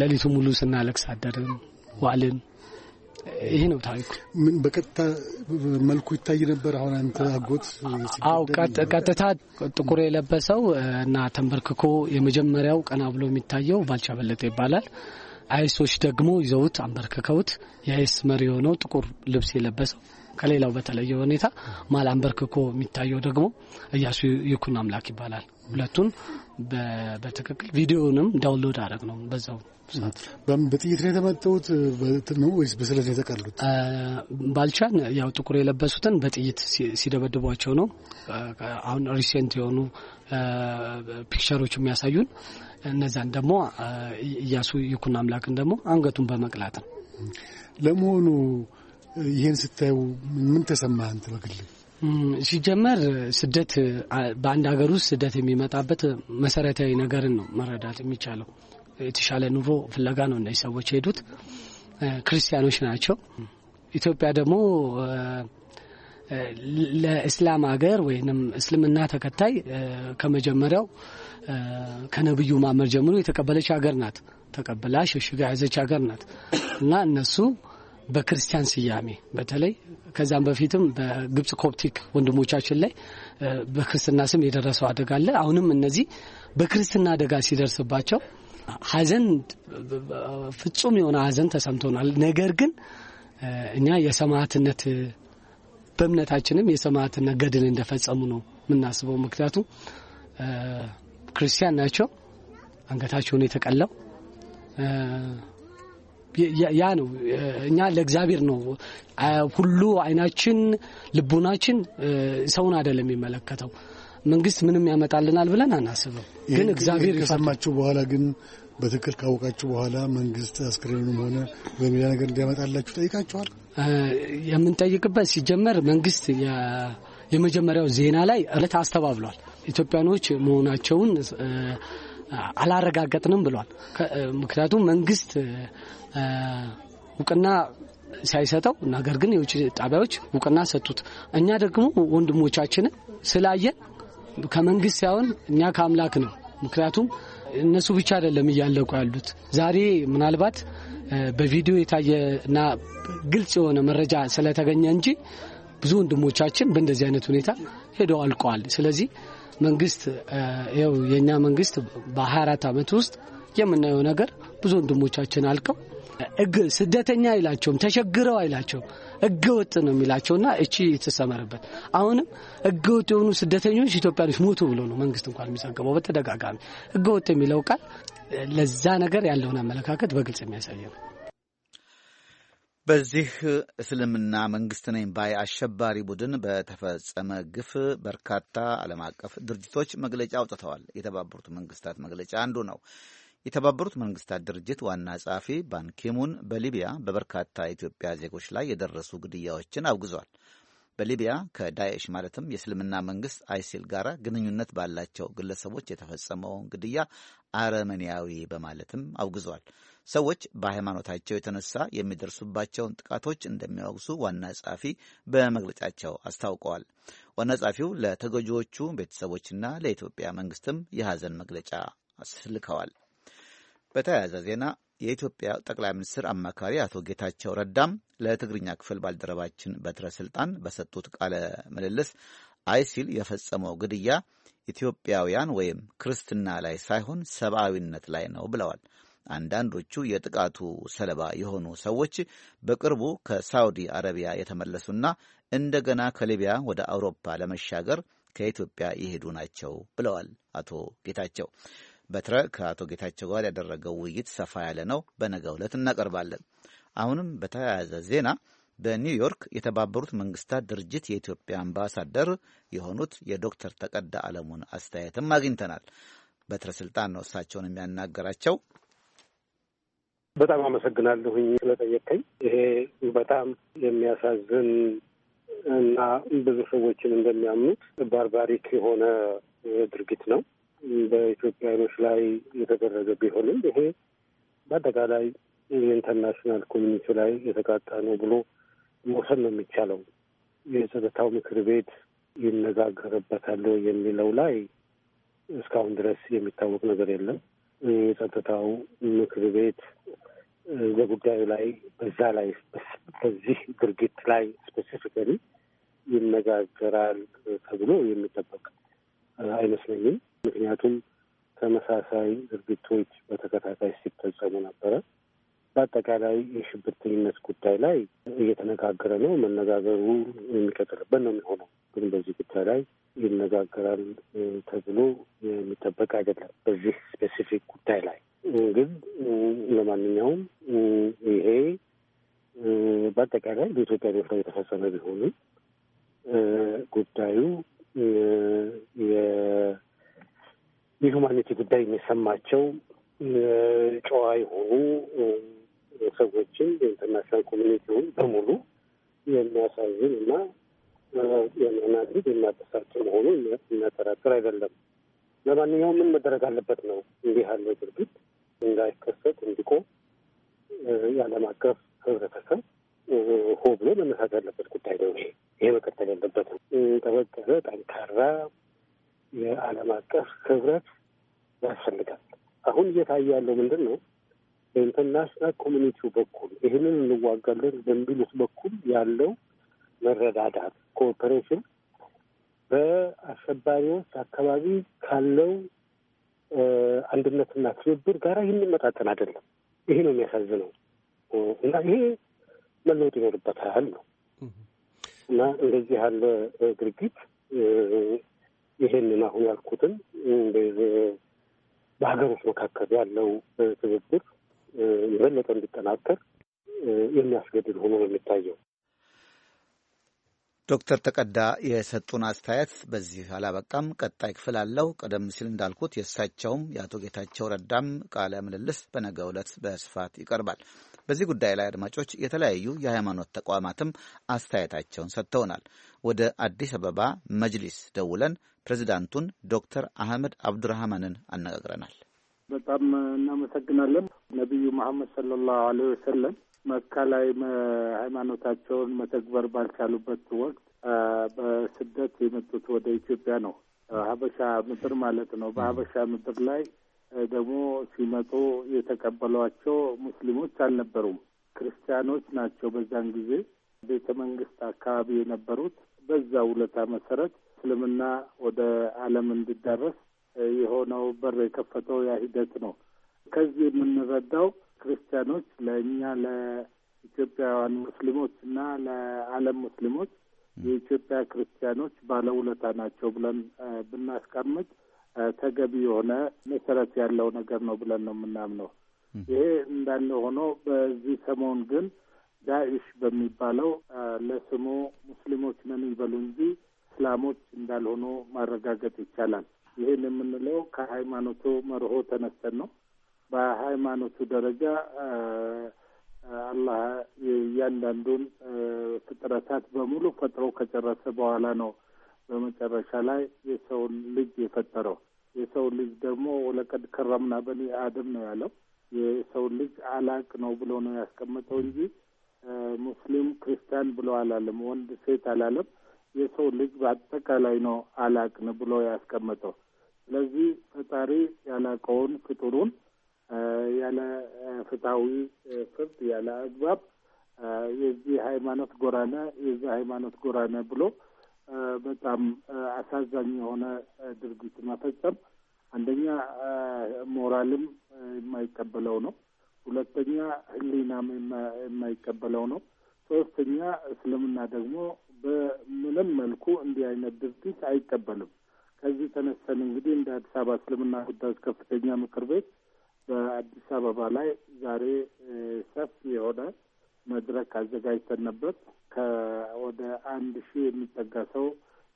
ሌሊቱ ሙሉ ስናለቅስ አደርን ዋልን። ይሄ ነው ታሪኩ። በቀጥታ መልኩ ይታይ ነበር? አሁን አንተ አጎት? አዎ፣ ቀጥታ ጥቁር የለበሰው እና ተንበርክኮ የመጀመሪያው ቀና ብሎ የሚታየው ባልቻ በለጠ ይባላል። አይሶች ደግሞ ይዘውት አንበርክከውት የአይስ መሪ የሆነው ጥቁር ልብስ የለበሰው ከሌላው በተለየ ሁኔታ ማል አንበርክኮ የሚታየው ደግሞ እያሱ ይኩን አምላክ ይባላል። ሁለቱን በትክክል ቪዲዮንም ዳውንሎድ አደረግ ነው። በዛው ሰዓት በጥይት ነው የተመጡት ነው ወይስ በስለት ነው የተቀሉት? ባልቻን ያው ጥቁር የለበሱትን በጥይት ሲደበድቧቸው ነው። አሁን ሪሴንት የሆኑ ፒክቸሮች የሚያሳዩን እነዛን ደግሞ እያሱ ይኩን አምላክን ደግሞ አንገቱን በመቅላት ነው። ለመሆኑ ይህን ስታዩ ምን ተሰማህ አንተ በግል? ሲጀመር ስደት በአንድ ሀገር ውስጥ ስደት የሚመጣበት መሰረታዊ ነገርን ነው መረዳት የሚቻለው። የተሻለ ኑሮ ፍለጋ ነው እነዚህ ሰዎች የሄዱት። ክርስቲያኖች ናቸው። ኢትዮጵያ ደግሞ ለእስላም ሀገር ወይም እስልምና ተከታይ ከመጀመሪያው ከነብዩ ማመር ጀምሮ የተቀበለች ሀገር ናት። ተቀብላ ሸሽጋ የያዘች ሀገር ናት እና እነሱ በክርስቲያን ስያሜ በተለይ ከዛም በፊትም በግብጽ ኮፕቲክ ወንድሞቻችን ላይ በክርስትና ስም የደረሰው አደጋ አለ። አሁንም እነዚህ በክርስትና አደጋ ሲደርስባቸው ሐዘን ፍጹም የሆነ ሐዘን ተሰምቶናል። ነገር ግን እኛ የሰማዕትነት በእምነታችንም የሰማዕትነት ገድል እንደፈጸሙ ነው የምናስበው። ምክንያቱም ክርስቲያን ናቸው። አንገታቸውን የተቀላው ያ ነው እኛ ለእግዚአብሔር ነው ሁሉ አይናችን፣ ልቡናችን ሰውን አይደለም የሚመለከተው። መንግስት ምንም ያመጣልናል ብለን አናስብም። ግን እግዚአብሔር ከሰማችሁ በኋላ ግን በትክክል ካወቃችሁ በኋላ መንግስት አስክሬኑም ሆነ በሚዲያ ነገር እንዲያመጣላችሁ ጠይቃችኋል? የምንጠይቅበት ሲጀመር መንግስት የመጀመሪያው ዜና ላይ እለት አስተባብሏል ኢትዮጵያኖች መሆናቸውን አላረጋገጥንም ብሏል። ምክንያቱም መንግስት እውቅና ሳይሰጠው ነገር ግን የውጭ ጣቢያዎች እውቅና ሰጡት። እኛ ደግሞ ወንድሞቻችንን ስላየን ከመንግስት ሳይሆን እኛ ከአምላክ ነው። ምክንያቱም እነሱ ብቻ አይደለም እያለቁ ያሉት። ዛሬ ምናልባት በቪዲዮ የታየና ግልጽ የሆነ መረጃ ስለተገኘ እንጂ ብዙ ወንድሞቻችን በእንደዚህ አይነት ሁኔታ ሄደው አልቀዋል። ስለዚህ መንግስት ው የእኛ መንግስት በ24 ዓመት ውስጥ የምናየው ነገር ብዙ ወንድሞቻችን አልቀው እግ ስደተኛ አይላቸውም፣ ተቸግረው አይላቸውም፣ ህገ ወጥ ነው የሚላቸውና እቺ የተሰመረበት አሁንም ህገ ወጥ የሆኑ ስደተኞች ኢትዮጵያኖች ሞቱ ብሎ ነው መንግስት እንኳን የሚዘገበው በተደጋጋሚ ህገ ወጥ የሚለው ቃል ለዛ ነገር ያለውን አመለካከት በግልጽ የሚያሳየ ነው። በዚህ እስልምና መንግስት ነኝ ባይ አሸባሪ ቡድን በተፈጸመ ግፍ በርካታ ዓለም አቀፍ ድርጅቶች መግለጫ አውጥተዋል። የተባበሩት መንግስታት መግለጫ አንዱ ነው። የተባበሩት መንግስታት ድርጅት ዋና ጸሐፊ ባንኪሙን በሊቢያ በበርካታ ኢትዮጵያ ዜጎች ላይ የደረሱ ግድያዎችን አውግዟል። በሊቢያ ከዳኤሽ ማለትም የእስልምና መንግስት አይሲል ጋር ግንኙነት ባላቸው ግለሰቦች የተፈጸመውን ግድያ አረመኔያዊ በማለትም አውግዟል። ሰዎች በሃይማኖታቸው የተነሳ የሚደርሱባቸውን ጥቃቶች እንደሚያወግሱ ዋና ጸሐፊ በመግለጫቸው አስታውቀዋል። ዋና ጸሐፊው ለተጎጂዎቹ ቤተሰቦችና ለኢትዮጵያ መንግስትም የሐዘን መግለጫ አስልከዋል። በተያያዘ ዜና የኢትዮጵያ ጠቅላይ ሚኒስትር አማካሪ አቶ ጌታቸው ረዳም ለትግርኛ ክፍል ባልደረባችን በትረ ስልጣን በሰጡት ቃለ ምልልስ አይሲል የፈጸመው ግድያ ኢትዮጵያውያን ወይም ክርስትና ላይ ሳይሆን ሰብአዊነት ላይ ነው ብለዋል። አንዳንዶቹ የጥቃቱ ሰለባ የሆኑ ሰዎች በቅርቡ ከሳውዲ አረቢያ የተመለሱና እንደገና ከሊቢያ ወደ አውሮፓ ለመሻገር ከኢትዮጵያ የሄዱ ናቸው ብለዋል አቶ ጌታቸው። በትረ ከአቶ ጌታቸው ጋር ያደረገው ውይይት ሰፋ ያለ ነው። በነገ ዕለት እናቀርባለን። አሁንም በተያያዘ ዜና በኒውዮርክ የተባበሩት መንግስታት ድርጅት የኢትዮጵያ አምባሳደር የሆኑት የዶክተር ተቀዳ አለሙን አስተያየትም አግኝተናል። በትረ ስልጣን ነው እሳቸውን የሚያናገራቸው። በጣም አመሰግናለሁኝ ስለጠየቀኝ። ይሄ በጣም የሚያሳዝን እና ብዙ ሰዎችን እንደሚያምኑት ባርባሪክ የሆነ ድርጊት ነው። በኢትዮጵያኖች ላይ የተደረገ ቢሆንም ይሄ በአጠቃላይ የኢንተርናሽናል ኮሚኒቲ ላይ የተቃጣ ነው ብሎ መውሰድ ነው የሚቻለው። የጸጥታው ምክር ቤት ይነጋገርበታል የሚለው ላይ እስካሁን ድረስ የሚታወቅ ነገር የለም። የጸጥታው ምክር ቤት በጉዳዩ ላይ በዛ ላይ በዚህ ድርጊት ላይ ስፔሲፊካሊ ይነጋገራል ተብሎ የሚጠበቅ አይመስለኝም። ምክንያቱም ተመሳሳይ ድርጊቶች በተከታታይ ሲፈጸሙ ነበረ። በአጠቃላይ የሽብርተኝነት ጉዳይ ላይ እየተነጋገረ ነው። መነጋገሩ የሚቀጥልበት ነው የሚሆነው። ግን በዚህ ጉዳይ ላይ ይነጋገራል ተብሎ የሚጠበቅ አይደለም። በዚህ ስፔሲፊክ ጉዳይ ላይ ግን ለማንኛውም ይሄ በአጠቃላይ በኢትዮጵያ ቤት ላይ የተፈጸመ ቢሆንም ጉዳዩ የሁማኒቲ ጉዳይ የሚሰማቸው ጨዋ የሆኑ ሰዎችን የኢንተርናሽናል ኮሚኒቲውን በሙሉ የሚያሳዝን እና የሚያናድድ የሚያበሳጭ መሆኑ የሚያጠራጥር አይደለም። ለማንኛውም ምን መደረግ አለበት ነው እንዲህ ያለው ድርጊት እንዳይከሰት እንዲቆም የዓለም አቀፍ ህብረተሰብ ሆ ብሎ መነሳት ያለበት ጉዳይ ነው። ይሄ መቀጠል ያለበት ነው። ጠበቀረ ጠንካራ የዓለም አቀፍ ህብረት ያስፈልጋል። አሁን እየታየ ያለው ምንድን ነው? በኢንተርናሽናል ኮሚኒቲው በኩል ይህንን እንዋጋለን በሚሉት በኩል ያለው መረዳዳት ኮኦፐሬሽን በአሸባሪዎች አካባቢ ካለው አንድነትና ትብብር ጋር የሚመጣጠን አይደለም። ይሄ ነው የሚያሳዝነው እና ይሄ መለወጥ ይኖርበታል ነው እና እንደዚህ ያለ ድርጊት ይሄንን አሁን ያልኩትን በሀገሮች መካከል ያለው ትብብር የበለጠ እንዲጠናከር የሚያስገድድ ሆኖ ነው የሚታየው። ዶክተር ተቀዳ የሰጡን አስተያየት በዚህ አላበቃም። ቀጣይ ክፍል አለው። ቀደም ሲል እንዳልኩት የእሳቸውም የአቶ ጌታቸው ረዳም ቃለ ምልልስ በነገ ዕለት በስፋት ይቀርባል። በዚህ ጉዳይ ላይ አድማጮች፣ የተለያዩ የሃይማኖት ተቋማትም አስተያየታቸውን ሰጥተውናል። ወደ አዲስ አበባ መጅሊስ ደውለን ፕሬዚዳንቱን ዶክተር አህመድ አብዱራህማንን አነጋግረናል። በጣም እናመሰግናለን። ነቢዩ መሐመድ ሰለላሁ አለይሂ ወሰለም መካ ላይ ሃይማኖታቸውን መተግበር ባልቻሉበት ወቅት በስደት የመጡት ወደ ኢትዮጵያ ነው። ሀበሻ ምድር ማለት ነው። በሀበሻ ምድር ላይ ደግሞ ሲመጡ የተቀበሏቸው ሙስሊሞች አልነበሩም፣ ክርስቲያኖች ናቸው። በዛን ጊዜ ቤተ መንግስት አካባቢ የነበሩት በዛ ውለታ መሰረት እስልምና ወደ ዓለም እንዲዳረስ የሆነው በር የከፈተው ያ ሂደት ነው። ከዚህ የምንረዳው ክርስቲያኖች ለእኛ ለኢትዮጵያውያን ሙስሊሞች እና ለዓለም ሙስሊሞች የኢትዮጵያ ክርስቲያኖች ባለውለታ ናቸው ብለን ብናስቀምጥ ተገቢ የሆነ መሰረት ያለው ነገር ነው ብለን ነው የምናምነው። ይሄ እንዳለ ሆኖ በዚህ ሰሞን ግን ዳኢሽ በሚባለው ለስሙ ሙስሊሞች ነን ይበሉ እንጂ እስላሞች እንዳልሆኑ ማረጋገጥ ይቻላል። ይህን የምንለው ከሃይማኖቱ መርሆ ተነስተን ነው። በሃይማኖቱ ደረጃ አላህ እያንዳንዱን ፍጥረታት በሙሉ ፈጥሮ ከጨረሰ በኋላ ነው በመጨረሻ ላይ የሰውን ልጅ የፈጠረው። የሰውን ልጅ ደግሞ ወለቀድ ከረምና በኒ አደም ነው ያለው። የሰውን ልጅ አላቅ ነው ብሎ ነው ያስቀመጠው እንጂ ሙስሊም ክርስቲያን ብሎ አላለም፣ ወንድ ሴት አላለም። የሰው ልጅ በአጠቃላይ ነው አላቅን ብሎ ያስቀመጠው። ስለዚህ ፈጣሪ ያላቀውን ፍጡሩን ያለ ፍትሐዊ ፍርድ ያለ አግባብ የዚህ ሃይማኖት ጎራነ የዚህ ሃይማኖት ጎራነ ብሎ በጣም አሳዛኝ የሆነ ድርጊት መፈጸም አንደኛ ሞራልም የማይቀበለው ነው። ሁለተኛ ሕሊናም የማይቀበለው ነው። ሶስተኛ እስልምና ደግሞ በምንም መልኩ እንዲህ አይነት ድርጊት አይቀበልም። ከዚህ ተነስተን እንግዲህ እንደ አዲስ አበባ እስልምና ጉዳዮች ከፍተኛ ምክር ቤት በአዲስ አበባ ላይ ዛሬ ሰፊ የሆነ መድረክ አዘጋጅተንበት ከወደ አንድ ሺህ የሚጠጋ ሰው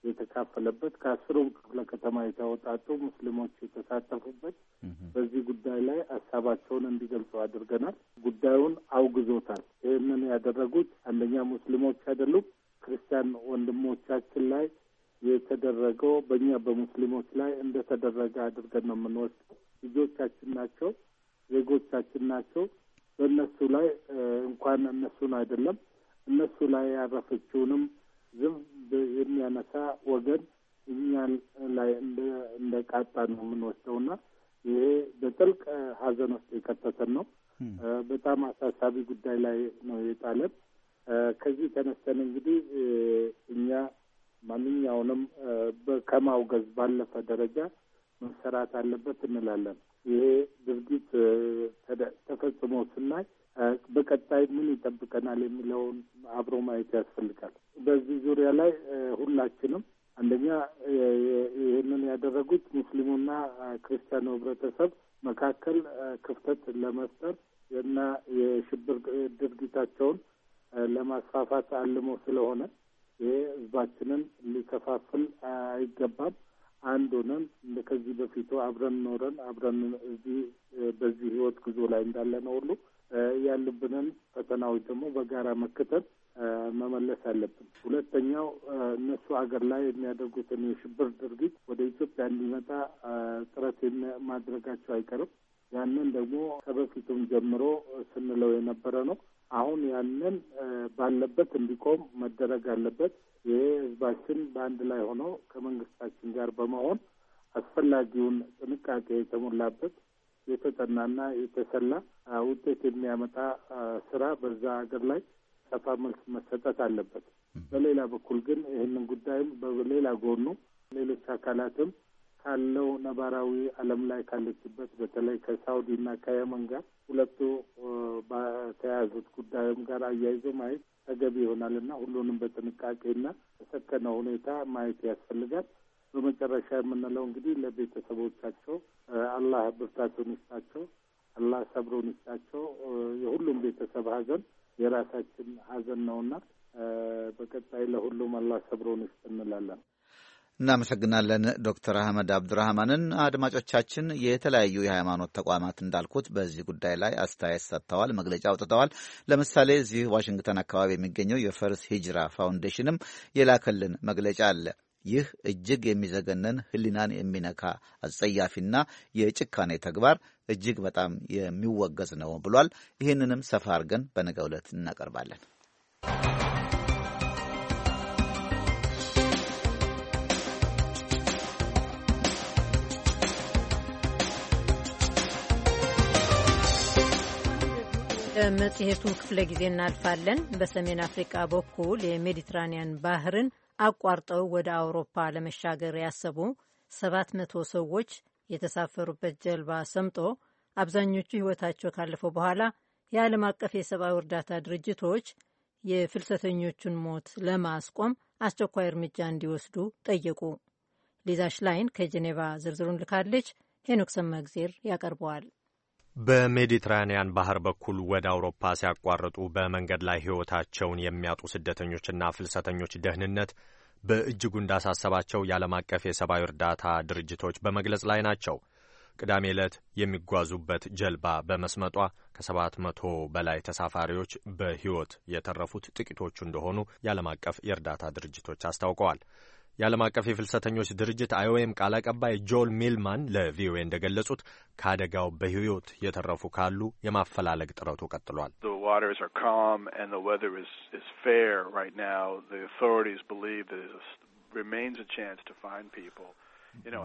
የተካፈለበት ከአስሩም ክፍለ ከተማ የተወጣጡ ሙስሊሞች የተሳተፉበት በዚህ ጉዳይ ላይ ሀሳባቸውን እንዲገልጹ አድርገናል። ጉዳዩን አውግዞታል። ይህንን ያደረጉት አንደኛ ሙስሊሞች አይደሉም፣ ክርስቲያን ወንድሞቻችን ላይ የተደረገው በእኛ በሙስሊሞች ላይ እንደተደረገ አድርገን ነው የምንወስደው። ልጆቻችን ናቸው፣ ዜጎቻችን ናቸው። በእነሱ ላይ እንኳን እነሱን አይደለም እነሱ ላይ ያረፈችውንም ዝም የሚያነሳ ወገን እኛ ላይ እንደ ቃጣ ነው እና ይሄ በጥልቅ ሐዘን ውስጥ የከተተን ነው። በጣም አሳሳቢ ጉዳይ ላይ ነው የጣለን። ከዚህ ተነስተን እንግዲህ እኛ ማንኛውንም ከማውገዝ ባለፈ ደረጃ መሰራት አለበት እንላለን። ይሄ ድርጊት ተፈጽሞ ስናይ በቀጣይ ምን ይጠብቀናል የሚለውን አብሮ ማየት ያስፈልጋል። በዚህ ዙሪያ ላይ ሁላችንም አንደኛ ይህንን ያደረጉት ሙስሊሙና ክርስቲያኑ ህብረተሰብ መካከል ክፍተት ለመፍጠር እና የሽብር ድርጊታቸውን ለማስፋፋት አልሞ ስለሆነ ይሄ ህዝባችንን ሊከፋፍል አይገባም። አንድ ሆነን ከዚህ በፊቱ አብረን ኖረን አብረን እዚህ በዚህ ህይወት ጉዞ ላይ እንዳለ ነው ሁሉ ያሉብንን ፈተናዎች ደግሞ በጋራ መከተል መመለስ አለብን። ሁለተኛው እነሱ ሀገር ላይ የሚያደርጉትን የሽብር ድርጊት ወደ ኢትዮጵያ እንዲመጣ ጥረት ማድረጋቸው አይቀርም። ያንን ደግሞ ከበፊቱም ጀምሮ ስንለው የነበረ ነው። አሁን ያንን ባለበት እንዲቆም መደረግ አለበት። ይሄ ህዝባችን በአንድ ላይ ሆኖ ከመንግስታችን ጋር በመሆን አስፈላጊውን ጥንቃቄ የተሞላበት የተጠናና የተሰላ ውጤት የሚያመጣ ስራ በዛ ሀገር ላይ ሰፋ መልስ መሰጠት አለበት። በሌላ በኩል ግን ይህንን ጉዳይም በሌላ ጎኑ ሌሎች አካላትም ካለው ነባራዊ ዓለም ላይ ካለችበት በተለይ ከሳውዲና ከየመን ጋር ሁለቱ በተያያዙት ጉዳዩም ጋር አያይዞ ማየት ተገቢ ይሆናል እና ሁሉንም በጥንቃቄና በሰከነ ሁኔታ ማየት ያስፈልጋል። በመጨረሻ የምንለው እንግዲህ ለቤተሰቦቻቸው አላህ ብርታቱን ይስጣቸው፣ አላህ ሰብሮን ይስጣቸው። የሁሉም ቤተሰብ ሀዘን የራሳችን ሀዘን ነውና በቀጣይ ለሁሉም አላህ ሰብሮን ይስጥ እንላለን። እናመሰግናለን ዶክተር አህመድ አብዱራህማንን። አድማጮቻችን የተለያዩ የሃይማኖት ተቋማት እንዳልኩት በዚህ ጉዳይ ላይ አስተያየት ሰጥተዋል፣ መግለጫ አውጥተዋል። ለምሳሌ እዚህ ዋሽንግተን አካባቢ የሚገኘው የፈርስ ሂጅራ ፋውንዴሽንም የላከልን መግለጫ አለ። ይህ እጅግ የሚዘገነን ህሊናን የሚነካ አጸያፊና የጭካኔ ተግባር እጅግ በጣም የሚወገዝ ነው ብሏል። ይህንንም ሰፋ አድርገን በነገ ዕለት እናቀርባለን። መጽሔቱ ክፍለ ጊዜ እናልፋለን። በሰሜን አፍሪቃ በኩል የሜዲትራኒያን ባህርን አቋርጠው ወደ አውሮፓ ለመሻገር ያሰቡ 700 ሰዎች የተሳፈሩበት ጀልባ ሰምጦ አብዛኞቹ ሕይወታቸው ካለፈው በኋላ የዓለም አቀፍ የሰብአዊ እርዳታ ድርጅቶች የፍልሰተኞቹን ሞት ለማስቆም አስቸኳይ እርምጃ እንዲወስዱ ጠየቁ። ሊዛ ሽላይን ከጄኔቫ ዝርዝሩን ልካለች። ሄኖክ ሰማግዜር ያቀርበዋል። በሜዲትራንያን ባህር በኩል ወደ አውሮፓ ሲያቋርጡ በመንገድ ላይ ሕይወታቸውን የሚያጡ ስደተኞችና ፍልሰተኞች ደህንነት በእጅጉ እንዳሳሰባቸው የዓለም አቀፍ የሰብአዊ እርዳታ ድርጅቶች በመግለጽ ላይ ናቸው። ቅዳሜ ዕለት የሚጓዙበት ጀልባ በመስመጧ ከሰባት መቶ በላይ ተሳፋሪዎች በሕይወት የተረፉት ጥቂቶቹ እንደሆኑ የዓለም አቀፍ የእርዳታ ድርጅቶች አስታውቀዋል። የዓለም አቀፍ የፍልሰተኞች ድርጅት አይኦኤም ቃል አቀባይ ጆል ሚልማን ለቪኦኤ እንደገለጹት ከአደጋው በሕይወት የተረፉ ካሉ የማፈላለግ ጥረቱ ቀጥሏል።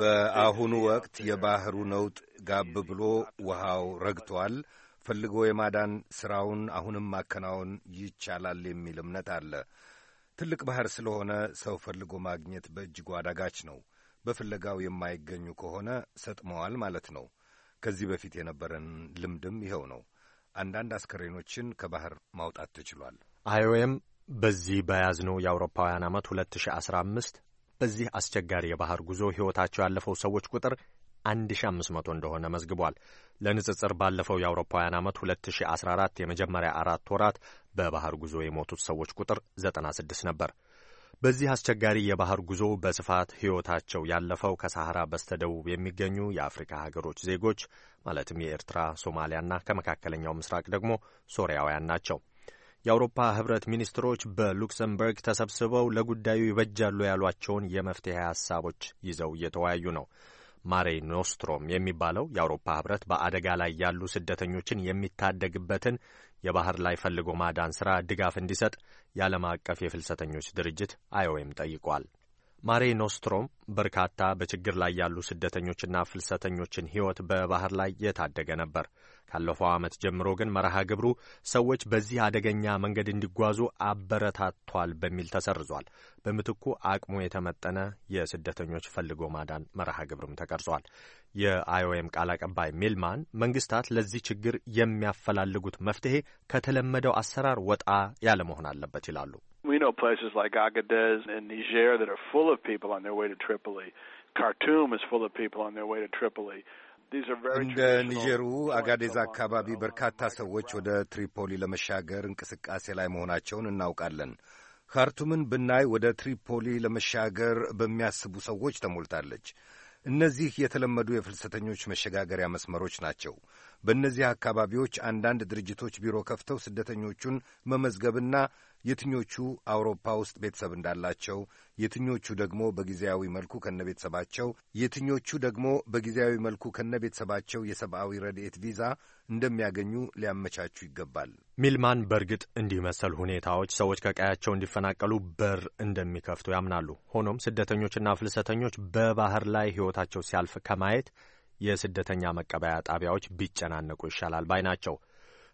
በአሁኑ ወቅት የባህሩ ነውጥ ጋብ ብሎ ውሃው ረግቷል። ፈልጎ የማዳን ሥራውን አሁንም ማከናወን ይቻላል የሚል እምነት አለ። ትልቅ ባህር ስለሆነ ሰው ፈልጎ ማግኘት በእጅጉ አዳጋች ነው። በፍለጋው የማይገኙ ከሆነ ሰጥመዋል ማለት ነው። ከዚህ በፊት የነበረን ልምድም ይኸው ነው። አንዳንድ አስከሬኖችን ከባህር ማውጣት ተችሏል። አይኦኤም በዚህ በያዝነው የአውሮፓውያን ዓመት 2015 በዚህ አስቸጋሪ የባህር ጉዞ ሕይወታቸው ያለፈው ሰዎች ቁጥር 1500 እንደሆነ መዝግቧል። ለንጽጽር ባለፈው የአውሮፓውያን ዓመት 2014 የመጀመሪያ አራት ወራት በባህር ጉዞ የሞቱት ሰዎች ቁጥር 96 ነበር። በዚህ አስቸጋሪ የባህር ጉዞ በስፋት ሕይወታቸው ያለፈው ከሳሐራ በስተደቡብ የሚገኙ የአፍሪካ ሀገሮች ዜጎች ማለትም የኤርትራ፣ ሶማሊያና ከመካከለኛው ምስራቅ ደግሞ ሶሪያውያን ናቸው። የአውሮፓ ህብረት ሚኒስትሮች በሉክሰምበርግ ተሰብስበው ለጉዳዩ ይበጃሉ ያሏቸውን የመፍትሄ ሀሳቦች ይዘው እየተወያዩ ነው። ማሬ ኖስትሮም የሚባለው የአውሮፓ ህብረት በአደጋ ላይ ያሉ ስደተኞችን የሚታደግበትን የባህር ላይ ፈልጎ ማዳን ስራ ድጋፍ እንዲሰጥ የዓለም አቀፍ የፍልሰተኞች ድርጅት አይኦኤም ጠይቋል። ማሬ ኖስትሮም በርካታ በችግር ላይ ያሉ ስደተኞችና ፍልሰተኞችን ሕይወት በባህር ላይ የታደገ ነበር። ካለፈው ዓመት ጀምሮ ግን መርሃ ግብሩ ሰዎች በዚህ አደገኛ መንገድ እንዲጓዙ አበረታቷል በሚል ተሰርዟል። በምትኩ አቅሙ የተመጠነ የስደተኞች ፈልጎ ማዳን መርሃ ግብርም ተቀርጿል። የአይኦኤም ቃል አቀባይ ሚልማን መንግስታት ለዚህ ችግር የሚያፈላልጉት መፍትሄ ከተለመደው አሰራር ወጣ ያለ መሆን አለበት ይላሉ። We know places like Agadez and Niger that are full of people on their way to Tripoli. Khartoum is full of people on their way to Tripoli. እንደ ኒጀሩ አጋዴዝ አካባቢ በርካታ ሰዎች ወደ ትሪፖሊ ለመሻገር እንቅስቃሴ ላይ መሆናቸውን እናውቃለን። ካርቱምን ብናይ ወደ ትሪፖሊ ለመሻገር በሚያስቡ ሰዎች ተሞልታለች። እነዚህ የተለመዱ የፍልሰተኞች መሸጋገሪያ መስመሮች ናቸው። በእነዚህ አካባቢዎች አንዳንድ ድርጅቶች ቢሮ ከፍተው ስደተኞቹን መመዝገብና የትኞቹ አውሮፓ ውስጥ ቤተሰብ እንዳላቸው፣ የትኞቹ ደግሞ በጊዜያዊ መልኩ ከነ ቤተሰባቸው፣ የትኞቹ ደግሞ በጊዜያዊ መልኩ ከነ ቤተሰባቸው የሰብአዊ ረድኤት ቪዛ እንደሚያገኙ ሊያመቻቹ ይገባል። ሚልማን በእርግጥ እንዲህ መሰል ሁኔታዎች ሰዎች ከቀያቸው እንዲፈናቀሉ በር እንደሚከፍቱ ያምናሉ። ሆኖም ስደተኞችና ፍልሰተኞች በባህር ላይ ሕይወታቸው ሲያልፍ ከማየት የስደተኛ መቀበያ ጣቢያዎች ቢጨናነቁ ይሻላል ባይ ናቸው።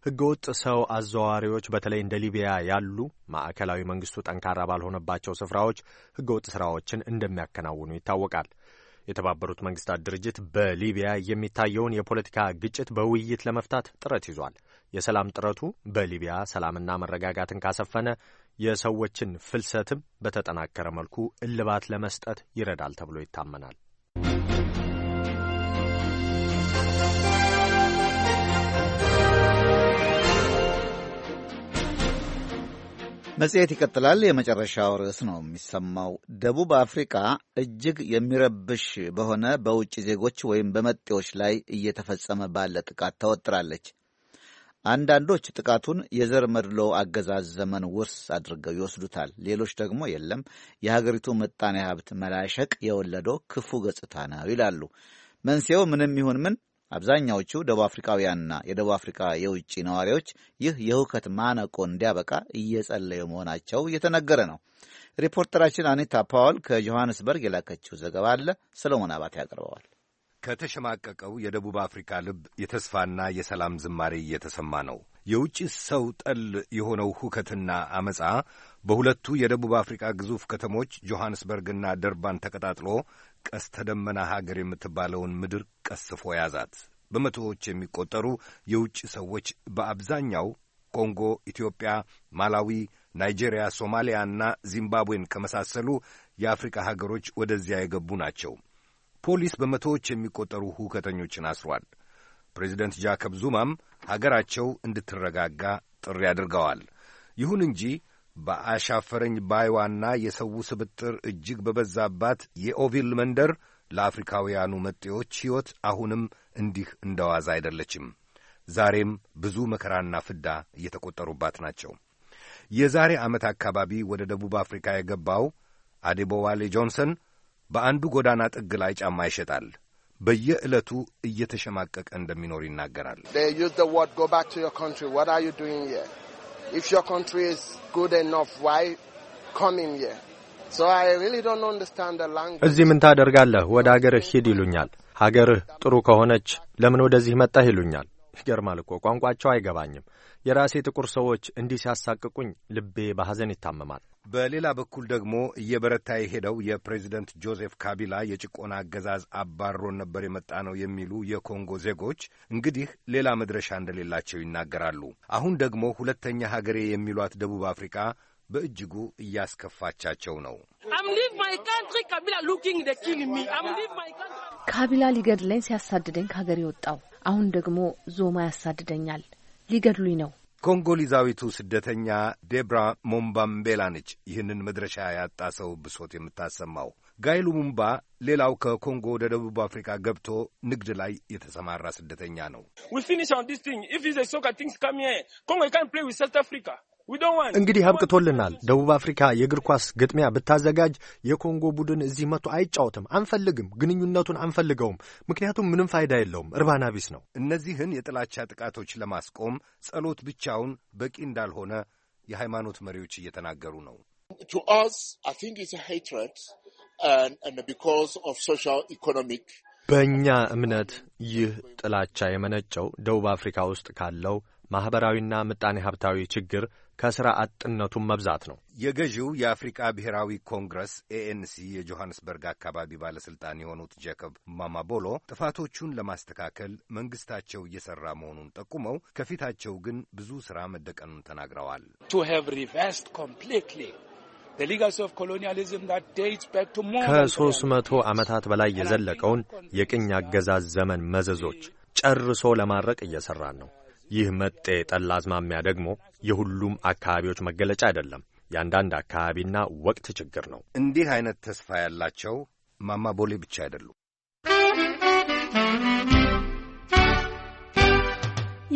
ህገወጥ ሰው አዘዋዋሪዎች በተለይ እንደ ሊቢያ ያሉ ማዕከላዊ መንግስቱ ጠንካራ ባልሆነባቸው ስፍራዎች ህገወጥ ስራዎችን እንደሚያከናውኑ ይታወቃል። የተባበሩት መንግስታት ድርጅት በሊቢያ የሚታየውን የፖለቲካ ግጭት በውይይት ለመፍታት ጥረት ይዟል። የሰላም ጥረቱ በሊቢያ ሰላምና መረጋጋትን ካሰፈነ የሰዎችን ፍልሰትም በተጠናከረ መልኩ እልባት ለመስጠት ይረዳል ተብሎ ይታመናል። መጽሔት ይቀጥላል። የመጨረሻው ርዕስ ነው የሚሰማው። ደቡብ አፍሪካ እጅግ የሚረብሽ በሆነ በውጭ ዜጎች ወይም በመጤዎች ላይ እየተፈጸመ ባለ ጥቃት ተወጥራለች። አንዳንዶች ጥቃቱን የዘር መድሎ አገዛዝ ዘመን ውርስ አድርገው ይወስዱታል። ሌሎች ደግሞ የለም፣ የሀገሪቱ ምጣኔ ሀብት መላሸቅ የወለደው ክፉ ገጽታ ነው ይላሉ። መንስኤው ምንም ይሁን ምን አብዛኛዎቹ ደቡብ አፍሪካውያንና የደቡብ አፍሪካ የውጭ ነዋሪዎች ይህ የሁከት ማነቆ እንዲያበቃ እየጸለዩ መሆናቸው እየተነገረ ነው። ሪፖርተራችን አኒታ ፓዋል ከጆሐንስበርግ የላከችው ዘገባ አለ። ሰለሞን አባት ያቀርበዋል። ከተሸማቀቀው የደቡብ አፍሪካ ልብ የተስፋና የሰላም ዝማሬ እየተሰማ ነው። የውጭ ሰው ጠል የሆነው ሁከትና አመፃ በሁለቱ የደቡብ አፍሪካ ግዙፍ ከተሞች ጆሐንስበርግና ደርባን ተቀጣጥሎ ቀስተ ደመና ሀገር የምትባለውን ምድር ቀስፎ ያዛት። በመቶዎች የሚቆጠሩ የውጭ ሰዎች በአብዛኛው ኮንጎ፣ ኢትዮጵያ፣ ማላዊ፣ ናይጄሪያ፣ እና ዚምባብዌን ከመሳሰሉ የአፍሪካ ሀገሮች ወደዚያ የገቡ ናቸው። ፖሊስ በመቶዎች የሚቆጠሩ ሁከተኞችን አስሯል። ፕሬዚደንት ጃከብ ዙማም ሀገራቸው እንድትረጋጋ ጥሪ አድርገዋል። ይሁን እንጂ በአሻፈረኝ ባይዋና የሰው ስብጥር እጅግ በበዛባት የኦቪል መንደር ለአፍሪካውያኑ መጤዎች ሕይወት አሁንም እንዲህ እንደዋዛ አይደለችም። ዛሬም ብዙ መከራና ፍዳ እየተቆጠሩባት ናቸው። የዛሬ ዓመት አካባቢ ወደ ደቡብ አፍሪካ የገባው አዴቦዋሌ ጆንሰን በአንዱ ጎዳና ጥግ ላይ ጫማ ይሸጣል። በየዕለቱ እየተሸማቀቀ እንደሚኖር ይናገራል። If your country is good enough, why coming here? So I really don't understand the language. እዚህ ምን ታደርጋለህ? ወደ አገርህ ሂድ ይሉኛል። ሀገርህ ጥሩ ከሆነች ለምን ወደዚህ መጣህ ይሉኛል። ይገርማል እኮ ቋንቋቸው አይገባኝም። የራሴ ጥቁር ሰዎች እንዲህ ሲያሳቅቁኝ ልቤ በሐዘን ይታመማል። በሌላ በኩል ደግሞ እየበረታ የሄደው የፕሬዚደንት ጆዜፍ ካቢላ የጭቆና አገዛዝ አባሮን ነበር የመጣ ነው የሚሉ የኮንጎ ዜጎች እንግዲህ ሌላ መድረሻ እንደሌላቸው ይናገራሉ። አሁን ደግሞ ሁለተኛ ሀገሬ የሚሏት ደቡብ አፍሪካ በእጅጉ እያስከፋቻቸው ነው። ካቢላ ሊገድለኝ ሲያሳድደኝ ከሀገር የወጣው አሁን ደግሞ ዞማ ያሳድደኛል። ሊገድሉኝ ነው። ኮንጎሊዛዊቱ ስደተኛ ዴብራ ሞምባምቤላ ነች ይህንን መድረሻ ያጣ ሰው ብሶት የምታሰማው። ጋይ ሉሙምባ ሌላው ከኮንጎ ወደ ደቡብ አፍሪካ ገብቶ ንግድ ላይ የተሰማራ ስደተኛ ነው። እንግዲህ አብቅቶልናል። ደቡብ አፍሪካ የእግር ኳስ ግጥሚያ ብታዘጋጅ የኮንጎ ቡድን እዚህ መጥቶ አይጫወትም። አንፈልግም፣ ግንኙነቱን አንፈልገውም። ምክንያቱም ምንም ፋይዳ የለውም፣ እርባና ቢስ ነው። እነዚህን የጥላቻ ጥቃቶች ለማስቆም ጸሎት ብቻውን በቂ እንዳልሆነ የሃይማኖት መሪዎች እየተናገሩ ነው። በእኛ እምነት ይህ ጥላቻ የመነጨው ደቡብ አፍሪካ ውስጥ ካለው ማኅበራዊና ምጣኔ ሀብታዊ ችግር ከሥራ አጥነቱም መብዛት ነው። የገዢው የአፍሪቃ ብሔራዊ ኮንግረስ ኤኤንሲ የጆሐንስበርግ አካባቢ ባለሥልጣን የሆኑት ጃኮብ ማማቦሎ ጥፋቶቹን ለማስተካከል መንግሥታቸው እየሠራ መሆኑን ጠቁመው ከፊታቸው ግን ብዙ ሥራ መደቀኑን ተናግረዋል። ከሦስት መቶ ዓመታት በላይ የዘለቀውን የቅኝ አገዛዝ ዘመን መዘዞች ጨርሶ ለማድረቅ እየሠራን ነው። ይህ መጤ ጠል አዝማሚያ ደግሞ የሁሉም አካባቢዎች መገለጫ አይደለም። የአንዳንድ አካባቢና ወቅት ችግር ነው። እንዲህ አይነት ተስፋ ያላቸው ማማ ቦሌ ብቻ አይደሉም።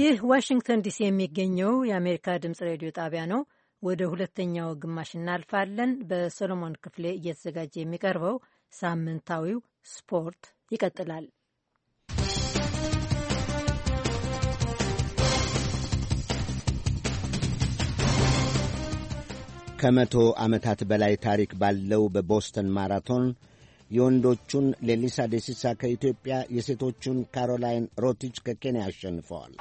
ይህ ዋሽንግተን ዲሲ የሚገኘው የአሜሪካ ድምፅ ሬዲዮ ጣቢያ ነው። ወደ ሁለተኛው ግማሽ እናልፋለን። በሰሎሞን ክፍሌ እየተዘጋጀ የሚቀርበው ሳምንታዊው ስፖርት ይቀጥላል። ከመቶ ዓመታት በላይ ታሪክ ባለው በቦስተን ማራቶን የወንዶቹን ሌሊሳ ዴሲሳ ከኢትዮጵያ፣ የሴቶቹን ካሮላይን ሮቲች ከኬንያ አሸንፈዋል።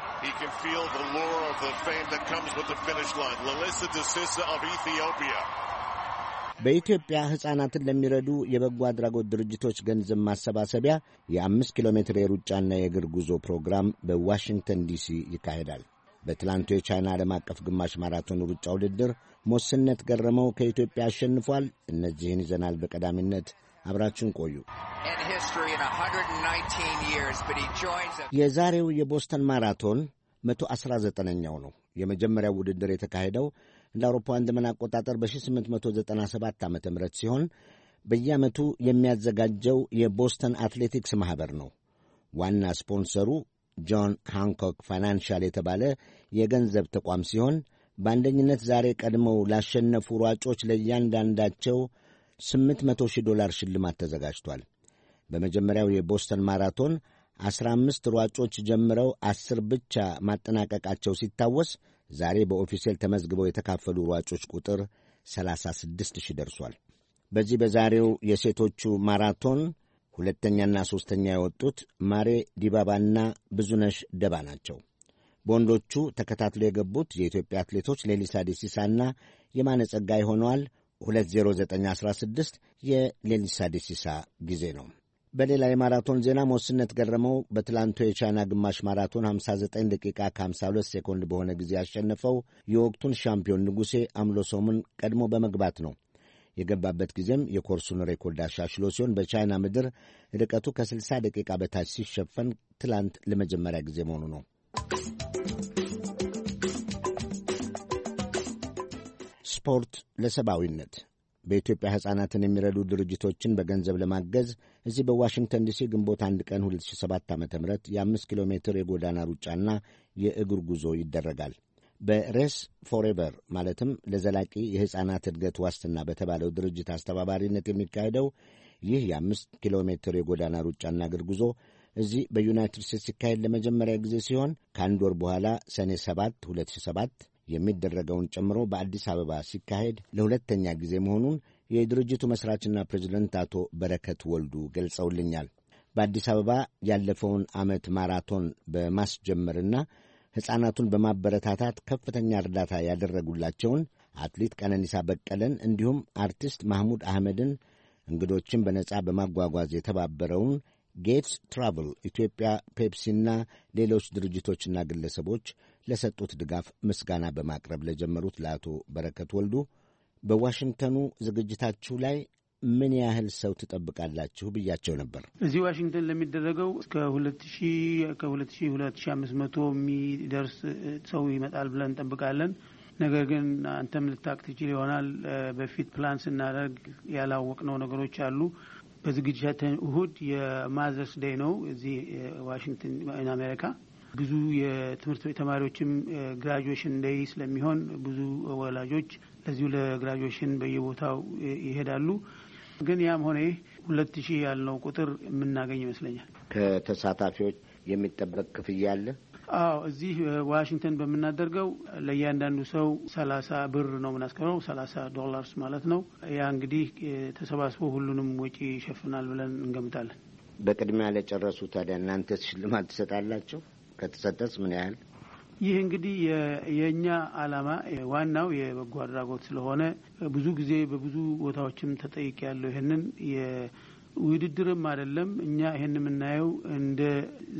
በኢትዮጵያ ሕፃናትን ለሚረዱ የበጎ አድራጎት ድርጅቶች ገንዘብ ማሰባሰቢያ የአምስት ኪሎ ሜትር የሩጫና የእግር ጉዞ ፕሮግራም በዋሽንግተን ዲሲ ይካሄዳል። በትላንቱ የቻይና ዓለም አቀፍ ግማሽ ማራቶን ሩጫ ውድድር ሞስነት ገረመው ከኢትዮጵያ አሸንፏል። እነዚህን ይዘናል በቀዳሚነት አብራችን ቆዩ። የዛሬው የቦስተን ማራቶን 119ኛው ነው። የመጀመሪያው ውድድር የተካሄደው እንደ አውሮፓውያን ዘመን አቆጣጠር በ1897 ዓ ም ሲሆን በየዓመቱ የሚያዘጋጀው የቦስተን አትሌቲክስ ማኅበር ነው። ዋና ስፖንሰሩ ጆን ሃንኮክ ፋይናንሻል የተባለ የገንዘብ ተቋም ሲሆን በአንደኝነት ዛሬ ቀድመው ላሸነፉ ሯጮች ለእያንዳንዳቸው 800 ሺህ ዶላር ሽልማት ተዘጋጅቷል። በመጀመሪያው የቦስተን ማራቶን 15 ሯጮች ጀምረው ዐሥር ብቻ ማጠናቀቃቸው ሲታወስ ዛሬ በኦፊሴል ተመዝግበው የተካፈሉ ሯጮች ቁጥር 36 ሺህ ደርሷል። በዚህ በዛሬው የሴቶቹ ማራቶን ሁለተኛና ሦስተኛ የወጡት ማሬ ዲባባና ብዙነሽ ደባ ናቸው። በወንዶቹ ተከታትሎ የገቡት የኢትዮጵያ አትሌቶች ሌሊሳ ዴሲሳና የማነ ጸጋይ ሆነዋል። 20916 የሌሊሳ ዴሲሳ ጊዜ ነው። በሌላ የማራቶን ዜና ሞስነት ገረመው በትላንቱ የቻይና ግማሽ ማራቶን 59 ደቂቃ ከ52 ሴኮንድ በሆነ ጊዜ ያሸነፈው የወቅቱን ሻምፒዮን ንጉሴ አምሎሶምን ቀድሞ በመግባት ነው። የገባበት ጊዜም የኮርሱን ሬኮርድ አሻሽሎ ሲሆን በቻይና ምድር ርቀቱ ከ60 ደቂቃ በታች ሲሸፈን ትላንት ለመጀመሪያ ጊዜ መሆኑ ነው። ስፖርት ለሰብአዊነት በኢትዮጵያ ሕፃናትን የሚረዱ ድርጅቶችን በገንዘብ ለማገዝ እዚህ በዋሽንግተን ዲሲ ግንቦት አንድ ቀን 2007 ዓ ም የአምስት ኪሎ ሜትር የጎዳና ሩጫና የእግር ጉዞ ይደረጋል። በሬስ ፎሬቨር ማለትም ለዘላቂ የሕፃናት እድገት ዋስትና በተባለው ድርጅት አስተባባሪነት የሚካሄደው ይህ የአምስት ኪሎ ሜትር የጎዳና ሩጫና እግር ጉዞ እዚህ በዩናይትድ ስቴትስ ሲካሄድ ለመጀመሪያ ጊዜ ሲሆን ከአንድ ወር በኋላ ሰኔ 7 2007 የሚደረገውን ጨምሮ በአዲስ አበባ ሲካሄድ ለሁለተኛ ጊዜ መሆኑን የድርጅቱ መሥራችና ፕሬዚደንት አቶ በረከት ወልዱ ገልጸውልኛል። በአዲስ አበባ ያለፈውን ዓመት ማራቶን በማስጀመርና ሕፃናቱን በማበረታታት ከፍተኛ እርዳታ ያደረጉላቸውን አትሌት ቀነኒሳ በቀለን እንዲሁም አርቲስት ማህሙድ አህመድን እንግዶችን በነጻ በማጓጓዝ የተባበረውን ጌትስ ትራቭል ኢትዮጵያ፣ ፔፕሲና ሌሎች ድርጅቶችና ግለሰቦች ለሰጡት ድጋፍ ምስጋና በማቅረብ ለጀመሩት ለአቶ በረከት ወልዱ በዋሽንግተኑ ዝግጅታችሁ ላይ ምን ያህል ሰው ትጠብቃላችሁ ብያቸው ነበር። እዚህ ዋሽንግተን ለሚደረገው እስከ ሁለት ሺ ከሁለት ሺ ሁለት ሺ አምስት መቶ የሚደርስ ሰው ይመጣል ብለን እንጠብቃለን። ነገር ግን አንተም ልታቅ ትችል ይሆናል። በፊት ፕላን ስናደርግ ያላወቅነው ነገሮች አሉ። በዝግጅት እሁድ የማዘርስ ዴይ ነው እዚህ ዋሽንግተን አሜሪካ ብዙ የትምህርት ቤት ተማሪዎችም ግራጁዌሽን ዴይ ስለሚሆን ብዙ ወላጆች ለዚሁ ለግራጁዌሽን በየቦታው ይሄዳሉ። ግን ያም ሆነ ሁለት ሺህ ያልነው ቁጥር የምናገኝ ይመስለኛል። ከተሳታፊዎች የሚጠበቅ ክፍያ አለ? አዎ እዚህ ዋሽንግተን በምናደርገው ለእያንዳንዱ ሰው ሰላሳ ብር ነው የምናስከፍለው፣ ሰላሳ ዶላርስ ማለት ነው። ያ እንግዲህ ተሰባስቦ ሁሉንም ወጪ ይሸፍናል ብለን እንገምታለን። በቅድሚያ ለጨረሱ ታዲያ እናንተስ ሽልማት ትሰጣላቸው ከተሰጠስ ምን ያህል? ይህ እንግዲህ የእኛ አላማ ዋናው የበጎ አድራጎት ስለሆነ ብዙ ጊዜ በብዙ ቦታዎችም ተጠይቅ ያለው ይህንን ውድድርም አይደለም። እኛ ይህን የምናየው እንደ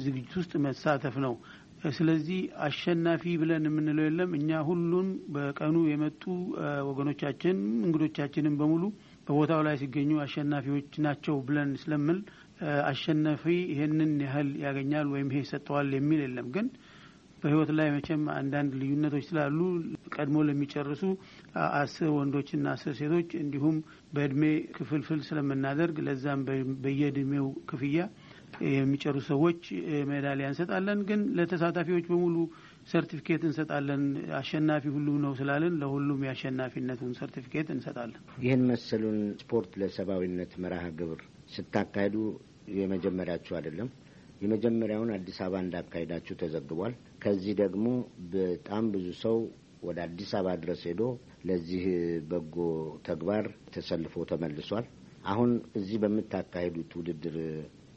ዝግጅት ውስጥ መሳተፍ ነው። ስለዚህ አሸናፊ ብለን የምንለው የለም። እኛ ሁሉን በቀኑ የመጡ ወገኖቻችን እንግዶቻችንም በሙሉ በቦታው ላይ ሲገኙ አሸናፊዎች ናቸው ብለን ስለምል አሸናፊ ይህንን ያህል ያገኛል ወይም ይሄ ይሰጠዋል የሚል የለም። ግን በህይወት ላይ መቼም አንዳንድ ልዩነቶች ስላሉ ቀድሞ ለሚጨርሱ አስር ወንዶችና አስር ሴቶች እንዲሁም በእድሜ ክፍልፍል ስለምናደርግ ለዛም በየእድሜው ክፍያ የሚጨሩ ሰዎች ሜዳሊያ እንሰጣለን፣ ግን ለተሳታፊዎች በሙሉ ሰርቲፊኬት እንሰጣለን። አሸናፊ ሁሉም ነው ስላለን ለሁሉም የአሸናፊነቱን ሰርቲፊኬት እንሰጣለን። ይህን መሰሉን ስፖርት ለሰብአዊነት መርሃ ግብር ስታካሂዱ የመጀመሪያችሁ አይደለም። የመጀመሪያውን አዲስ አበባ እንዳካሄዳችሁ ተዘግቧል። ከዚህ ደግሞ በጣም ብዙ ሰው ወደ አዲስ አበባ ድረስ ሄዶ ለዚህ በጎ ተግባር ተሰልፎ ተመልሷል። አሁን እዚህ በምታካሂዱት ውድድር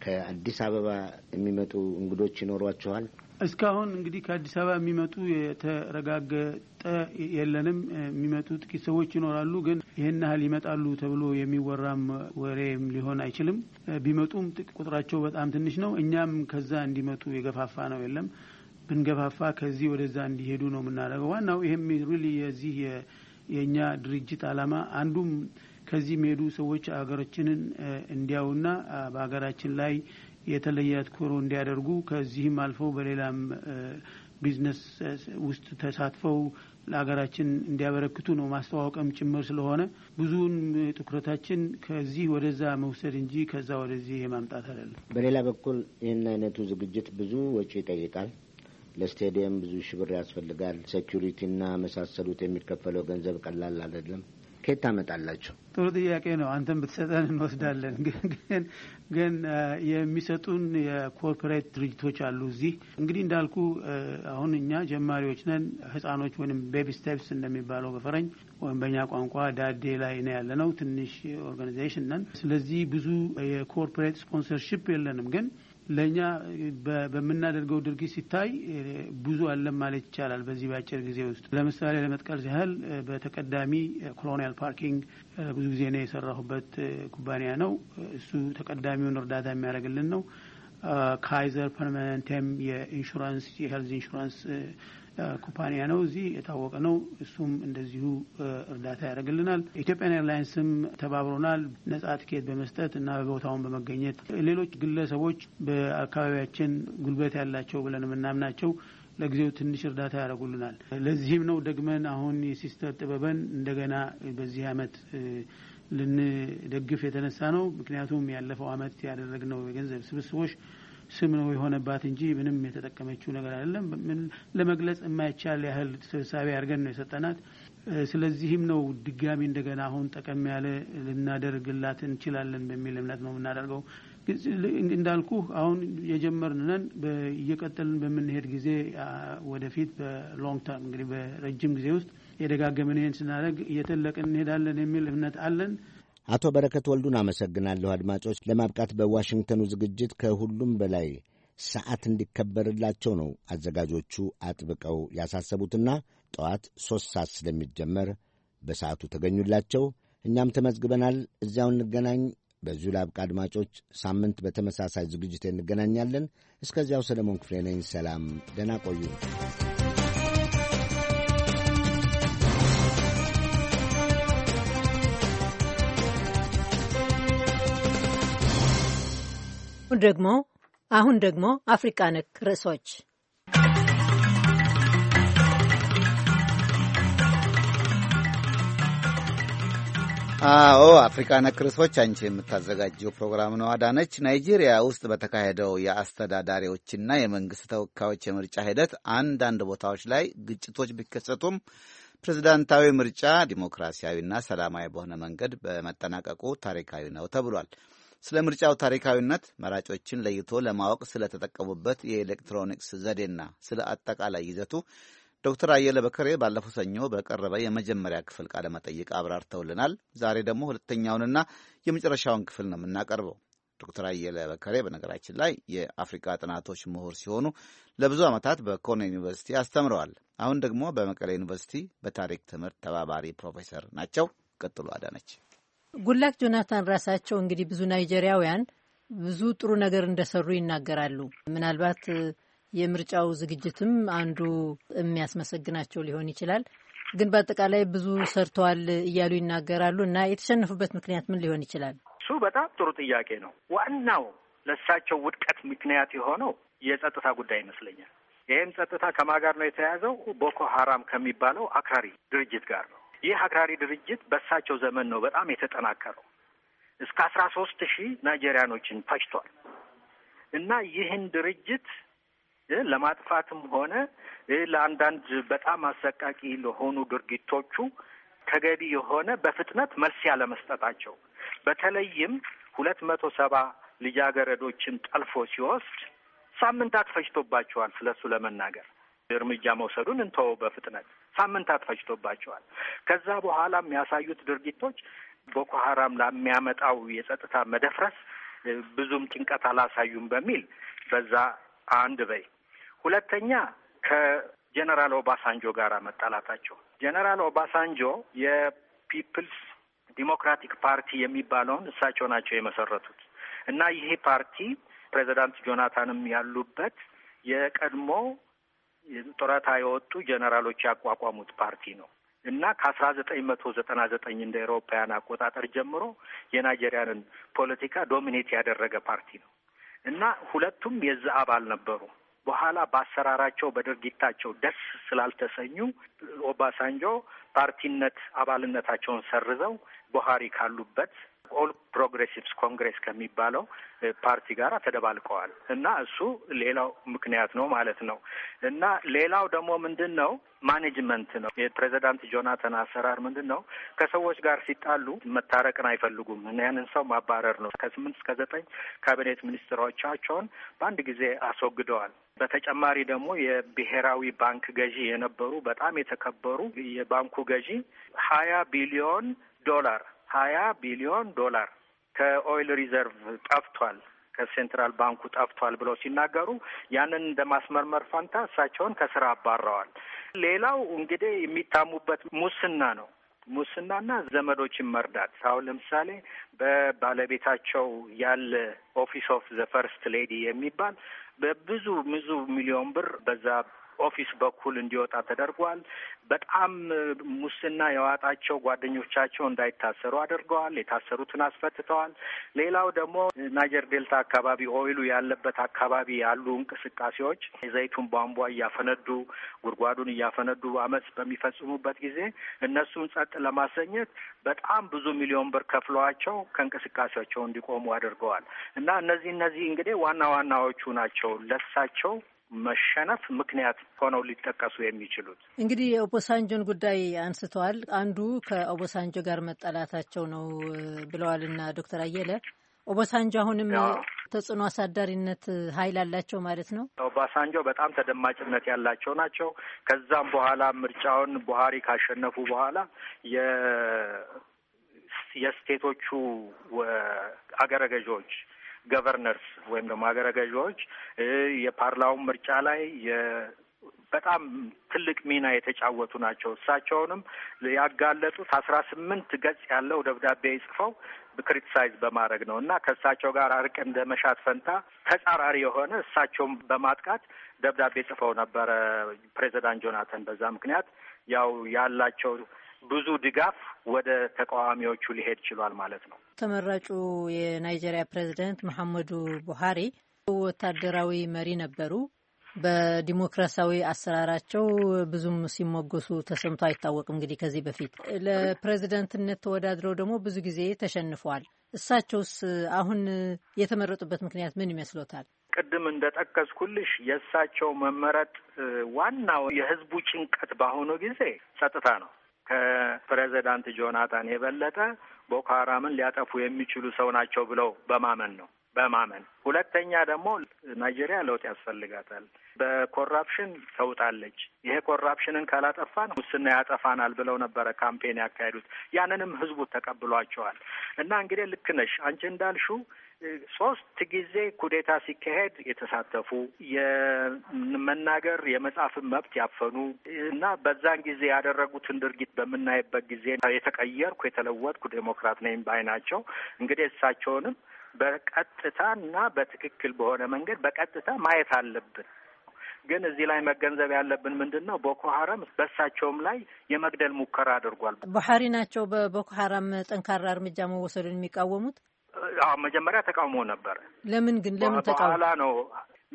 ከአዲስ አበባ የሚመጡ እንግዶች ይኖሯችኋል? እስካሁን እንግዲህ ከአዲስ አበባ የሚመጡ የተረጋገጠ የለንም። የሚመጡ ጥቂት ሰዎች ይኖራሉ፣ ግን ይህን ያህል ይመጣሉ ተብሎ የሚወራም ወሬም ሊሆን አይችልም። ቢመጡም ቁጥራቸው በጣም ትንሽ ነው። እኛም ከዛ እንዲመጡ የገፋፋ ነው የለም። ብንገፋፋ ከዚህ ወደዛ እንዲሄዱ ነው የምናደርገው። ዋናው ይህም ሪሊ የዚህ የእኛ ድርጅት አላማ አንዱም ከዚህ የሄዱ ሰዎች ሀገራችንን እንዲያውና በሀገራችን ላይ የተለየ ትኩሮ እንዲያደርጉ ከዚህም አልፈው በሌላም ቢዝነስ ውስጥ ተሳትፈው ለሀገራችን እንዲያበረክቱ ነው ማስተዋወቅም ጭምር ስለሆነ ብዙውን ትኩረታችን ከዚህ ወደዛ መውሰድ እንጂ ከዛ ወደዚህ የማምጣት አይደለም። በሌላ በኩል ይህን አይነቱ ዝግጅት ብዙ ወጪ ይጠይቃል። ለስቴዲየም ብዙ ሺህ ብር ያስፈልጋል። ሴኩሪቲና መሳሰሉት የሚከፈለው ገንዘብ ቀላል አይደለም። ከየት ታመጣላችሁ? ጥሩ ጥያቄ ነው። አንተን ብትሰጠን እንወስዳለን። ግን ግን የሚሰጡን የኮርፖሬት ድርጅቶች አሉ እዚህ። እንግዲህ እንዳልኩ አሁን እኛ ጀማሪዎች ነን። ህጻኖች ወይም ቤቢ ስቴፕስ እንደሚባለው በፈረኝ ወይም በእኛ ቋንቋ ዳዴ ላይ ነው ያለነው። ትንሽ ኦርጋናይዜሽን ነን። ስለዚህ ብዙ የኮርፖሬት ስፖንሰርሽፕ የለንም ግን ለእኛ በምናደርገው ድርጊት ሲታይ ብዙ አለም ማለት ይቻላል። በዚህ በአጭር ጊዜ ውስጥ ለምሳሌ ለመጥቀል ያህል በተቀዳሚ ኮሎኒያል ፓርኪንግ ብዙ ጊዜ ነው የሰራሁበት ኩባንያ ነው። እሱ ተቀዳሚውን እርዳታ የሚያደርግልን ነው። ካይዘር ፐርማነንቴም የኢንሹራንስ የሄልዝ ኢንሹራንስ ኩፓንያ ነው፣ እዚህ የታወቀ ነው። እሱም እንደዚሁ እርዳታ ያደርግልናል። ኢትዮጵያን ኤርላይንስም ተባብሮናል፣ ነጻ ትኬት በመስጠት እና በቦታውን በመገኘት ሌሎች ግለሰቦች በአካባቢያችን ጉልበት ያላቸው ብለን የምናምናቸው ለጊዜው ትንሽ እርዳታ ያደርጉልናል። ለዚህም ነው ደግመን አሁን የሲስተር ጥበበን እንደገና በዚህ አመት ልንደግፍ የተነሳ ነው። ምክንያቱም ያለፈው አመት ያደረግነው የገንዘብ ስብስቦች ስም ነው የሆነባት እንጂ ምንም የተጠቀመችው ነገር አይደለም። ምን ለመግለጽ የማይቻል ያህል ስብሳቢ አድርገን ነው የሰጠናት። ስለዚህም ነው ድጋሚ እንደገና አሁን ጠቀም ያለ ልናደርግላት እንችላለን በሚል እምነት ነው የምናደርገው። እንዳልኩ አሁን የጀመርንነን እየቀጠልን በምንሄድ ጊዜ ወደፊት በሎንግ ተርም እንግዲህ በረጅም ጊዜ ውስጥ የደጋገምን ይህን ስናደርግ እየተለቅን እንሄዳለን የሚል እምነት አለን። አቶ በረከት ወልዱን አመሰግናለሁ። አድማጮች፣ ለማብቃት በዋሽንግተኑ ዝግጅት ከሁሉም በላይ ሰዓት እንዲከበርላቸው ነው አዘጋጆቹ አጥብቀው ያሳሰቡትና ጠዋት ሦስት ሰዓት ስለሚጀመር በሰዓቱ ተገኙላቸው። እኛም ተመዝግበናል። እዚያው እንገናኝ። በዚሁ ላብቃ አድማጮች። ሳምንት በተመሳሳይ ዝግጅት እንገናኛለን። እስከዚያው ሰለሞን ክፍሌ ነኝ። ሰላም፣ ደህና ቆዩ። አሁን ደግሞ አሁን ደግሞ አፍሪቃ ነክ ርዕሶች አዎ አፍሪካ ነክ ርዕሶች አንቺ የምታዘጋጀው ፕሮግራም ነው አዳነች። ናይጄሪያ ውስጥ በተካሄደው የአስተዳዳሪዎችና የመንግሥት ተወካዮች የምርጫ ሂደት አንዳንድ ቦታዎች ላይ ግጭቶች ቢከሰቱም ፕሬዝዳንታዊ ምርጫ ዲሞክራሲያዊና ሰላማዊ በሆነ መንገድ በመጠናቀቁ ታሪካዊ ነው ተብሏል። ስለ ምርጫው ታሪካዊነት መራጮችን ለይቶ ለማወቅ ስለተጠቀሙበት የኤሌክትሮኒክስ ዘዴና ስለ አጠቃላይ ይዘቱ ዶክተር አየለ በከሬ ባለፈው ሰኞ በቀረበ የመጀመሪያ ክፍል ቃለ መጠይቅ አብራርተውልናል። ዛሬ ደግሞ ሁለተኛውንና የመጨረሻውን ክፍል ነው የምናቀርበው። ዶክተር አየለ በከሬ በነገራችን ላይ የአፍሪካ ጥናቶች ምሁር ሲሆኑ ለብዙ ዓመታት በኮርኔል ዩኒቨርሲቲ አስተምረዋል። አሁን ደግሞ በመቀሌ ዩኒቨርሲቲ በታሪክ ትምህርት ተባባሪ ፕሮፌሰር ናቸው። ቀጥሎ አዳነች ጉላክ ጆናታን ራሳቸው እንግዲህ ብዙ ናይጀሪያውያን ብዙ ጥሩ ነገር እንደሰሩ ይናገራሉ። ምናልባት የምርጫው ዝግጅትም አንዱ የሚያስመሰግናቸው ሊሆን ይችላል። ግን በአጠቃላይ ብዙ ሰርተዋል እያሉ ይናገራሉ። እና የተሸነፉበት ምክንያት ምን ሊሆን ይችላል? እሱ በጣም ጥሩ ጥያቄ ነው። ዋናው ለእሳቸው ውድቀት ምክንያት የሆነው የጸጥታ ጉዳይ ይመስለኛል። ይህም ጸጥታ ከማን ጋር ነው የተያያዘው? ቦኮ ሀራም ከሚባለው አክራሪ ድርጅት ጋር ነው። ይህ አክራሪ ድርጅት በእሳቸው ዘመን ነው በጣም የተጠናከረው። እስከ አስራ ሶስት ሺህ ናይጄሪያኖችን ፈጅቷል። እና ይህን ድርጅት ለማጥፋትም ሆነ ለአንዳንድ በጣም አሰቃቂ ለሆኑ ድርጊቶቹ ተገቢ የሆነ በፍጥነት መልስ ያለመስጠታቸው በተለይም ሁለት መቶ ሰባ ልጃገረዶችን ጠልፎ ሲወስድ ሳምንታት ፈጅቶባቸዋል። ስለሱ ለመናገር እርምጃ መውሰዱን እንተው በፍጥነት ሳምንታት ፈጅቶባቸዋል። ከዛ በኋላ የሚያሳዩት ድርጊቶች ቦኮ ሀራም ለሚያመጣው የጸጥታ መደፍረስ ብዙም ጭንቀት አላሳዩም በሚል በዛ አንድ በይ ሁለተኛ ከጀነራል ኦባሳንጆ ጋር መጣላታቸው ጀነራል ኦባሳንጆ የፒፕልስ ዲሞክራቲክ ፓርቲ የሚባለውን እሳቸው ናቸው የመሰረቱት እና ይሄ ፓርቲ ፕሬዚዳንት ጆናታንም ያሉበት የቀድሞ ጡረታ የወጡ ጀነራሎች ያቋቋሙት ፓርቲ ነው እና ከአስራ ዘጠኝ መቶ ዘጠና ዘጠኝ እንደ ኤሮፓያን አቆጣጠር ጀምሮ የናይጄሪያንን ፖለቲካ ዶሚኔት ያደረገ ፓርቲ ነው እና ሁለቱም የዛ አባል ነበሩ። በኋላ በአሰራራቸው በድርጊታቸው ደስ ስላልተሰኙ ኦባሳንጆ ፓርቲነት አባልነታቸውን ሰርዘው ቡሃሪ ካሉበት ኦል ፕሮግሬሲቭስ ኮንግሬስ ከሚባለው ፓርቲ ጋር ተደባልቀዋል እና እሱ ሌላው ምክንያት ነው ማለት ነው። እና ሌላው ደግሞ ምንድን ነው ማኔጅመንት ነው። የፕሬዚዳንት ጆናተን አሰራር ምንድን ነው? ከሰዎች ጋር ሲጣሉ መታረቅን አይፈልጉም እና ያንን ሰው ማባረር ነው። ከስምንት እስከ ዘጠኝ ካቢኔት ሚኒስትሮቻቸውን በአንድ ጊዜ አስወግደዋል። በተጨማሪ ደግሞ የብሔራዊ ባንክ ገዢ የነበሩ በጣም የተከበሩ የባንኩ ገዢ ሀያ ቢሊዮን ዶላር ሀያ ቢሊዮን ዶላር ከኦይል ሪዘርቭ ጠፍቷል ከሴንትራል ባንኩ ጠፍቷል ብለው ሲናገሩ ያንን እንደ ማስመርመር ፋንታ እሳቸውን ከስራ አባረዋል። ሌላው እንግዲህ የሚታሙበት ሙስና ነው። ሙስናና ዘመዶችን መርዳት። አሁን ለምሳሌ በባለቤታቸው ያለ ኦፊስ ኦፍ ዘ ፈርስት ሌዲ የሚባል በብዙ ብዙ ሚሊዮን ብር በዛ ኦፊስ በኩል እንዲወጣ ተደርጓል። በጣም ሙስና የዋጣቸው ጓደኞቻቸው እንዳይታሰሩ አድርገዋል። የታሰሩትን አስፈትተዋል። ሌላው ደግሞ ናይጀር ዴልታ አካባቢ ኦይሉ ያለበት አካባቢ ያሉ እንቅስቃሴዎች የዘይቱን ቧንቧ እያፈነዱ ጉድጓዱን እያፈነዱ አመፅ በሚፈጽሙበት ጊዜ እነሱን ጸጥ ለማሰኘት በጣም ብዙ ሚሊዮን ብር ከፍለዋቸው ከእንቅስቃሴያቸው እንዲቆሙ አድርገዋል እና እነዚህ እነዚህ እንግዲህ ዋና ዋናዎቹ ናቸው ለሳቸው መሸነፍ ምክንያት ሆነው ሊጠቀሱ የሚችሉት እንግዲህ የኦቦሳንጆን ጉዳይ አንስተዋል። አንዱ ከኦቦሳንጆ ጋር መጠላታቸው ነው ብለዋል እና ዶክተር አየለ ኦቦሳንጆ አሁንም ተጽዕኖ አሳዳሪነት ኃይል አላቸው ማለት ነው። ኦባሳንጆ በጣም ተደማጭነት ያላቸው ናቸው። ከዛም በኋላ ምርጫውን ቡሃሪ ካሸነፉ በኋላ የ የስቴቶቹ አገረ ገዢዎች ገቨርነርስ ወይም ደግሞ ሀገረ ገዢዎች የፓርላውን ምርጫ ላይ በጣም ትልቅ ሚና የተጫወቱ ናቸው። እሳቸውንም ያጋለጡት አስራ ስምንት ገጽ ያለው ደብዳቤ ጽፈው ክሪቲሳይዝ በማድረግ ነው እና ከእሳቸው ጋር እርቅ እንደ መሻት ፈንታ ተጻራሪ የሆነ እሳቸውን በማጥቃት ደብዳቤ ጽፈው ነበረ ፕሬዚዳንት ጆናተን። በዛ ምክንያት ያው ያላቸው ብዙ ድጋፍ ወደ ተቃዋሚዎቹ ሊሄድ ችሏል ማለት ነው። ተመራጩ የናይጄሪያ ፕሬዚደንት መሐመዱ ቡሃሪ ወታደራዊ መሪ ነበሩ። በዲሞክራሲያዊ አሰራራቸው ብዙም ሲሞገሱ ተሰምቶ አይታወቅም። እንግዲህ ከዚህ በፊት ለፕሬዚደንትነት ተወዳድረው ደግሞ ብዙ ጊዜ ተሸንፈዋል። እሳቸውስ አሁን የተመረጡበት ምክንያት ምን ይመስሎታል? ቅድም እንደጠቀስኩልሽ የእሳቸው መመረጥ ዋናው የህዝቡ ጭንቀት በአሁኑ ጊዜ ጸጥታ ነው። ከፕሬዚዳንት ጆናታን የበለጠ ቦኮ ሀራምን ሊያጠፉ የሚችሉ ሰው ናቸው ብለው በማመን ነው በማመን ሁለተኛ ደግሞ ናይጄሪያ ለውጥ ያስፈልጋታል። በኮራፕሽን ተውጣለች። ይሄ ኮራፕሽንን ካላጠፋን ሙስና ያጠፋናል ብለው ነበረ ካምፔን ያካሄዱት። ያንንም ህዝቡ ተቀብሏቸዋል። እና እንግዲህ ልክ ነሽ አንቺ እንዳልሹ ሶስት ጊዜ ኩዴታ ሲካሄድ የተሳተፉ የመናገር የመጻፍን መብት ያፈኑ እና በዛን ጊዜ ያደረጉትን ድርጊት በምናይበት ጊዜ የተቀየርኩ የተለወጥኩ ዴሞክራት ነኝ ባይ ናቸው። እንግዲህ እሳቸውንም በቀጥታ እና በትክክል በሆነ መንገድ በቀጥታ ማየት አለብን። ግን እዚህ ላይ መገንዘብ ያለብን ምንድን ነው? ቦኮ ሀረም በእሳቸውም ላይ የመግደል ሙከራ አድርጓል። ቡሐሪ ናቸው በቦኮ ሀረም ጠንካራ እርምጃ መወሰዱን የሚቃወሙት። መጀመሪያ ተቃውሞ ነበር። ለምን ግን ለምን ተቃውሞ ነው?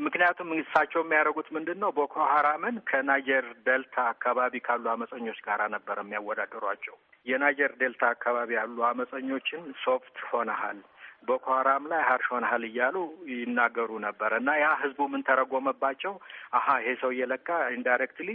ምክንያቱም እሳቸው የሚያደርጉት ምንድን ነው? ቦኮ ሀራምን ከናይጀር ደልታ አካባቢ ካሉ አመፀኞች ጋር ነበር የሚያወዳደሯቸው። የናይጀር ዴልታ አካባቢ ያሉ አመፀኞችን ሶፍት ሆነሃል፣ ቦኮ ሀራም ላይ ሀርሽ ሆነሃል እያሉ ይናገሩ ነበር እና ያ ህዝቡ ምን ተረጎመባቸው? አሀ ይሄ ሰው እየለካ ኢንዳይሬክትሊ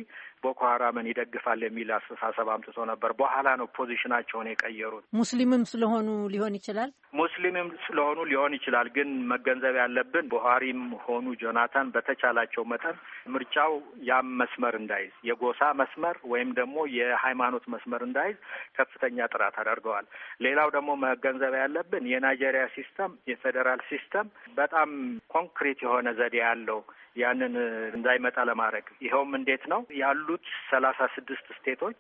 ቦኮ ሀራምን ይደግፋል የሚል አስተሳሰብ አምጥቶ ነበር። በኋላ ነው ፖዚሽናቸውን የቀየሩት። ሙስሊምም ስለሆኑ ሊሆን ይችላል። ሙስሊምም ስለሆኑ ሊሆን ይችላል። ግን መገንዘብ ያለብን ቡሃሪም ሆኑ ጆናታን በተቻላቸው መጠን ምርጫው ያም መስመር እንዳይዝ የጎሳ መስመር ወይም ደግሞ የሃይማኖት መስመር እንዳይዝ ከፍተኛ ጥራት አደርገዋል። ሌላው ደግሞ መገንዘብ ያለብን የናይጄሪያ ሲስተም የፌዴራል ሲስተም በጣም ኮንክሪት የሆነ ዘዴ ያለው ያንን እንዳይመጣ ለማድረግ ይኸውም እንዴት ነው ያሉት ሰላሳ ስድስት ስቴቶች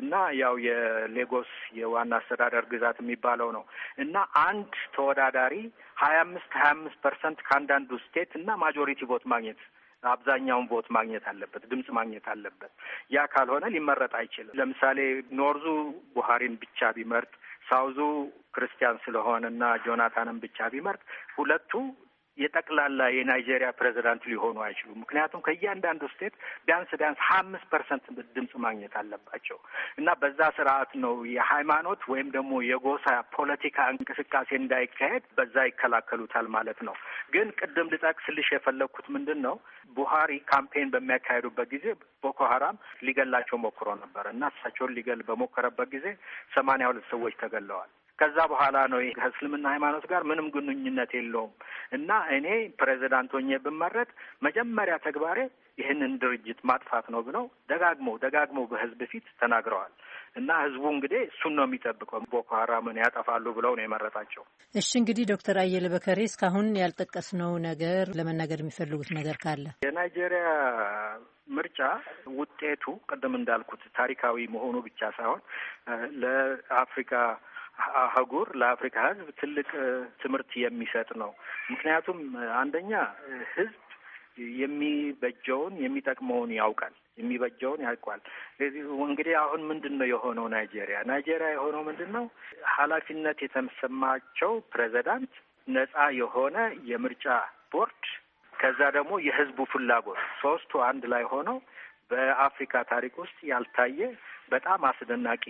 እና ያው የሌጎስ የዋና አስተዳደር ግዛት የሚባለው ነው እና አንድ ተወዳዳሪ ሀያ አምስት ሀያ አምስት ፐርሰንት ከአንዳንዱ ስቴት እና ማጆሪቲ ቦት ማግኘት አብዛኛውን ቦት ማግኘት አለበት፣ ድምጽ ማግኘት አለበት። ያ ካልሆነ ሊመረጥ አይችልም። ለምሳሌ ኖርዙ ቡሃሪን ብቻ ቢመርጥ ሳውዙ ክርስቲያን ስለሆነ እና ጆናታንን ብቻ ቢመርጥ ሁለቱ የጠቅላላ የናይጄሪያ ፕሬዚዳንት ሊሆኑ አይችሉም። ምክንያቱም ከእያንዳንዱ ስቴት ቢያንስ ቢያንስ ሀያ አምስት ፐርሰንት ድምፅ ማግኘት አለባቸው እና በዛ ስርዓት ነው የሃይማኖት ወይም ደግሞ የጎሳ ፖለቲካ እንቅስቃሴ እንዳይካሄድ በዛ ይከላከሉታል ማለት ነው። ግን ቅድም ልጠቅስልሽ የፈለግኩት ምንድን ነው ቡሃሪ ካምፔን በሚያካሄዱበት ጊዜ ቦኮ ሀራም ሊገላቸው ሞክሮ ነበር እና እሳቸውን ሊገል በሞከረበት ጊዜ ሰማንያ ሁለት ሰዎች ተገለዋል። ከዛ በኋላ ነው ከእስልምና ሃይማኖት ጋር ምንም ግንኙነት የለውም እና እኔ ፕሬዚዳንት ሆኜ ብመረጥ መጀመሪያ ተግባሬ ይህንን ድርጅት ማጥፋት ነው ብለው ደጋግመው ደጋግሞ በህዝብ ፊት ተናግረዋል። እና ህዝቡ እንግዲህ እሱን ነው የሚጠብቀው። ቦኮ ሀራምን ያጠፋሉ ብለው ነው የመረጣቸው። እሺ እንግዲህ ዶክተር አየለ በከሬ እስካሁን ያልጠቀስነው ነገር ለመናገር የሚፈልጉት ነገር ካለ የናይጄሪያ ምርጫ ውጤቱ ቅድም እንዳልኩት ታሪካዊ መሆኑ ብቻ ሳይሆን ለአፍሪካ አህጉር ለአፍሪካ ህዝብ ትልቅ ትምህርት የሚሰጥ ነው። ምክንያቱም አንደኛ ህዝብ የሚበጀውን የሚጠቅመውን ያውቃል፣ የሚበጀውን ያውቋል። እንግዲህ አሁን ምንድን ነው የሆነው? ናይጄሪያ ናይጄሪያ የሆነው ምንድን ነው? ኃላፊነት የተሰማቸው ፕሬዚዳንት፣ ነጻ የሆነ የምርጫ ቦርድ፣ ከዛ ደግሞ የህዝቡ ፍላጎት ሶስቱ አንድ ላይ ሆነው በአፍሪካ ታሪክ ውስጥ ያልታየ በጣም አስደናቂ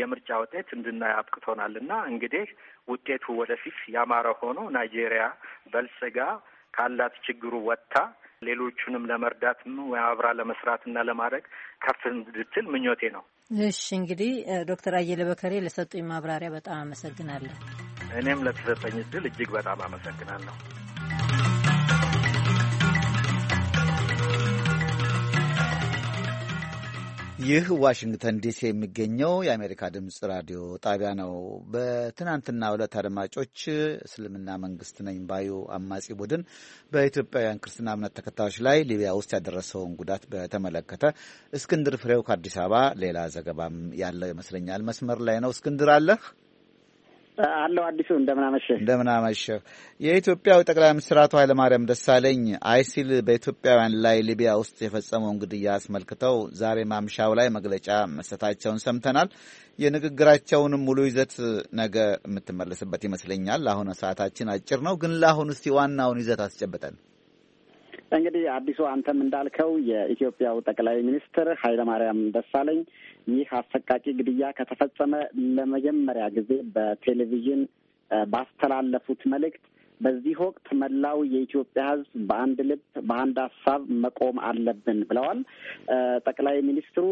የምርጫ ውጤት እንድናይ አብቅቶናል እና እንግዲህ ውጤቱ ወደፊት ያማረ ሆኖ ናይጄሪያ በልጽጋ ካላት ችግሩ ወጥታ ሌሎቹንም ለመርዳት አብራ ለመስራትና ለማድረግ ከፍ እንድትል ምኞቴ ነው። እሺ እንግዲህ ዶክተር አየለ በከሬ ለሰጡኝ ማብራሪያ በጣም አመሰግናለሁ። እኔም ለተሰጠኝ እድል እጅግ በጣም አመሰግናለሁ። ይህ ዋሽንግተን ዲሲ የሚገኘው የአሜሪካ ድምፅ ራዲዮ ጣቢያ ነው። በትናንትና ዕለት አድማጮች እስልምና መንግስት ነኝ ባዩ አማጺ ቡድን በኢትዮጵያውያን ክርስትና እምነት ተከታዮች ላይ ሊቢያ ውስጥ ያደረሰውን ጉዳት በተመለከተ እስክንድር ፍሬው ከአዲስ አበባ ሌላ ዘገባም ያለው ይመስለኛል። መስመር ላይ ነው። እስክንድር አለህ? አለው አዲሱ እንደምናመሸ እንደምናመሸህ። የኢትዮጵያው ጠቅላይ ሚኒስትር አቶ ኃይለማርያም ደሳለኝ አይሲል በኢትዮጵያውያን ላይ ሊቢያ ውስጥ የፈጸመውን ግድያ አስመልክተው ዛሬ ማምሻው ላይ መግለጫ መስጠታቸውን ሰምተናል። የንግግራቸውንም ሙሉ ይዘት ነገ የምትመለስበት ይመስለኛል። አሁን ሰዓታችን አጭር ነው፣ ግን ለአሁን እስቲ ዋናውን ይዘት አስጨብጠን እንግዲህ አዲሱ አንተም እንዳልከው የኢትዮጵያው ጠቅላይ ሚኒስትር ኃይለማርያም ደሳለኝ ይህ አሰቃቂ ግድያ ከተፈጸመ ለመጀመሪያ ጊዜ በቴሌቪዥን ባስተላለፉት መልእክት በዚህ ወቅት መላው የኢትዮጵያ ሕዝብ በአንድ ልብ በአንድ ሀሳብ መቆም አለብን ብለዋል። ጠቅላይ ሚኒስትሩ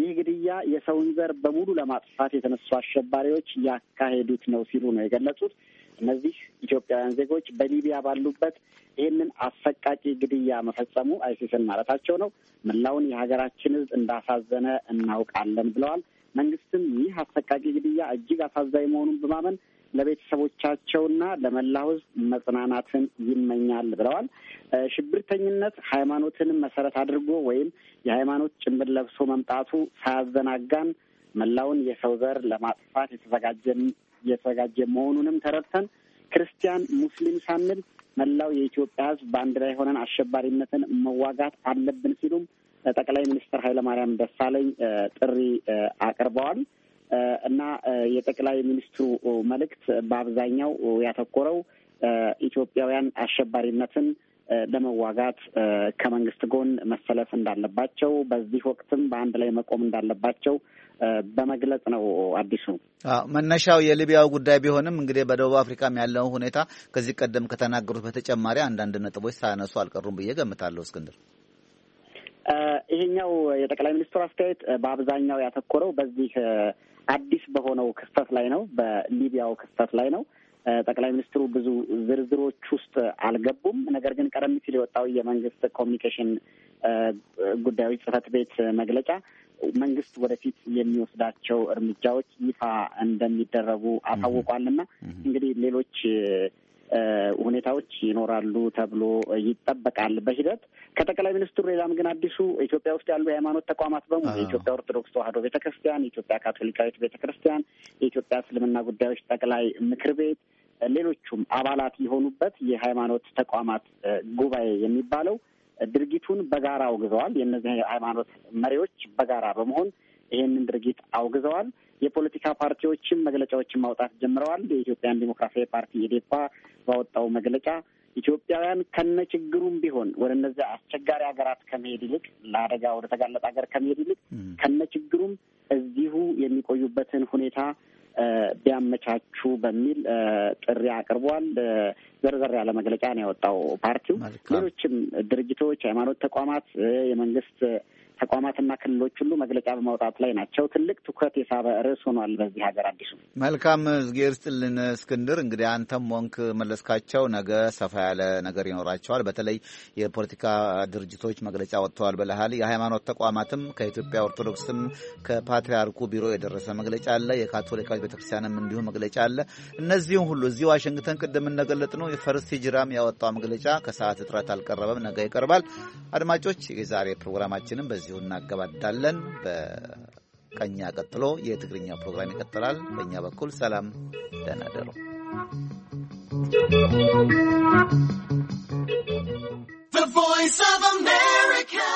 ይህ ግድያ የሰውን ዘር በሙሉ ለማጥፋት የተነሱ አሸባሪዎች ያካሄዱት ነው ሲሉ ነው የገለጹት። እነዚህ ኢትዮጵያውያን ዜጎች በሊቢያ ባሉበት ይህንን አሰቃቂ ግድያ መፈጸሙ አይሲስን ማለታቸው ነው መላውን የሀገራችን ሕዝብ እንዳሳዘነ እናውቃለን ብለዋል። መንግስትም ይህ አሰቃቂ ግድያ እጅግ አሳዛኝ መሆኑን በማመን ለቤተሰቦቻቸውና ለመላው ሕዝብ መጽናናትን ይመኛል ብለዋል። ሽብርተኝነት ሃይማኖትን መሰረት አድርጎ ወይም የሃይማኖት ጭንብል ለብሶ መምጣቱ ሳያዘናጋን መላውን የሰው ዘር ለማጥፋት የተዘጋጀን እየተዘጋጀ መሆኑንም ተረድተን ክርስቲያን ሙስሊም ሳንል መላው የኢትዮጵያ ሕዝብ በአንድ ላይ ሆነን አሸባሪነትን መዋጋት አለብን ሲሉም ጠቅላይ ሚኒስትር ኃይለማርያም ደሳለኝ ጥሪ አቅርበዋል እና የጠቅላይ ሚኒስትሩ መልእክት በአብዛኛው ያተኮረው ኢትዮጵያውያን አሸባሪነትን ለመዋጋት ከመንግስት ጎን መሰለፍ እንዳለባቸው በዚህ ወቅትም በአንድ ላይ መቆም እንዳለባቸው በመግለጽ ነው። አዲሱ መነሻው የሊቢያው ጉዳይ ቢሆንም እንግዲህ በደቡብ አፍሪካም ያለው ሁኔታ ከዚህ ቀደም ከተናገሩት በተጨማሪ አንዳንድ ነጥቦች ሳያነሱ አልቀሩም ብዬ ገምታለሁ። እስክንድር ይሄኛው የጠቅላይ ሚኒስትሩ አስተያየት በአብዛኛው ያተኮረው በዚህ አዲስ በሆነው ክስተት ላይ ነው፣ በሊቢያው ክስተት ላይ ነው። ጠቅላይ ሚኒስትሩ ብዙ ዝርዝሮች ውስጥ አልገቡም። ነገር ግን ቀደም ሲል የወጣው የመንግስት ኮሚኒኬሽን ጉዳዮች ጽህፈት ቤት መግለጫ መንግስት ወደፊት የሚወስዳቸው እርምጃዎች ይፋ እንደሚደረጉ አሳውቋልና እንግዲህ ሌሎች ሁኔታዎች ይኖራሉ ተብሎ ይጠበቃል በሂደት ከጠቅላይ ሚኒስትሩ ሌላም ግን አዲሱ ኢትዮጵያ ውስጥ ያሉ የሃይማኖት ተቋማት በሙሉ የኢትዮጵያ ኦርቶዶክስ ተዋሕዶ ቤተክርስቲያን፣ የኢትዮጵያ ካቶሊካዊት ቤተክርስቲያን፣ የኢትዮጵያ እስልምና ጉዳዮች ጠቅላይ ምክር ቤት ሌሎቹም አባላት የሆኑበት የሃይማኖት ተቋማት ጉባኤ የሚባለው ድርጊቱን በጋራ አውግዘዋል። የእነዚህ ሃይማኖት መሪዎች በጋራ በመሆን ይህንን ድርጊት አውግዘዋል። የፖለቲካ ፓርቲዎችም መግለጫዎችን ማውጣት ጀምረዋል። የኢትዮጵያን ዴሞክራሲያዊ ፓርቲ ኢዴፓ ባወጣው መግለጫ ኢትዮጵያውያን ከነ ችግሩም ቢሆን ወደ እነዚያ አስቸጋሪ ሀገራት ከመሄድ ይልቅ ለአደጋ ወደ ተጋለጠ ሀገር ከመሄድ ይልቅ ከነ ችግሩም እዚሁ የሚቆዩበትን ሁኔታ ቢያመቻቹ በሚል ጥሪ አቅርቧል። ዘርዘር ያለ መግለጫ ነው ያወጣው ፓርቲው። ሌሎችም ድርጅቶች፣ ሃይማኖት ተቋማት፣ የመንግስት ተቋማትና ክልሎች ሁሉ መግለጫ በማውጣት ላይ ናቸው። ትልቅ ትኩረት የሳበ ርዕስ ሆኗል በዚህ ሀገር አዲሱ። መልካም እግዜር ስጥልን እስክንድር። እንግዲህ አንተም ወንክ መለስካቸው ነገ ሰፋ ያለ ነገር ይኖራቸዋል። በተለይ የፖለቲካ ድርጅቶች መግለጫ ወጥተዋል ብለሃል። የሃይማኖት ተቋማትም ከኢትዮጵያ ኦርቶዶክስም ከፓትርያርኩ ቢሮ የደረሰ መግለጫ አለ። የካቶሊካዎች ቤተክርስቲያንም እንዲሁም መግለጫ አለ። እነዚህም ሁሉ እዚህ ዋሽንግተን ቅድም እንደገለጥ ነው የፈርስት ሂጅራም ያወጣው መግለጫ ከሰዓት እጥረት አልቀረበም፣ ነገ ይቀርባል። አድማጮች የዛሬ ፕሮግራማችንም በዚሁ በዚሁ እናገባዳለን። በቀኛ ቀጥሎ የትግርኛ ፕሮግራም ይቀጥላል። በእኛ በኩል ሰላም፣ ደህና ደሩ። The voice of America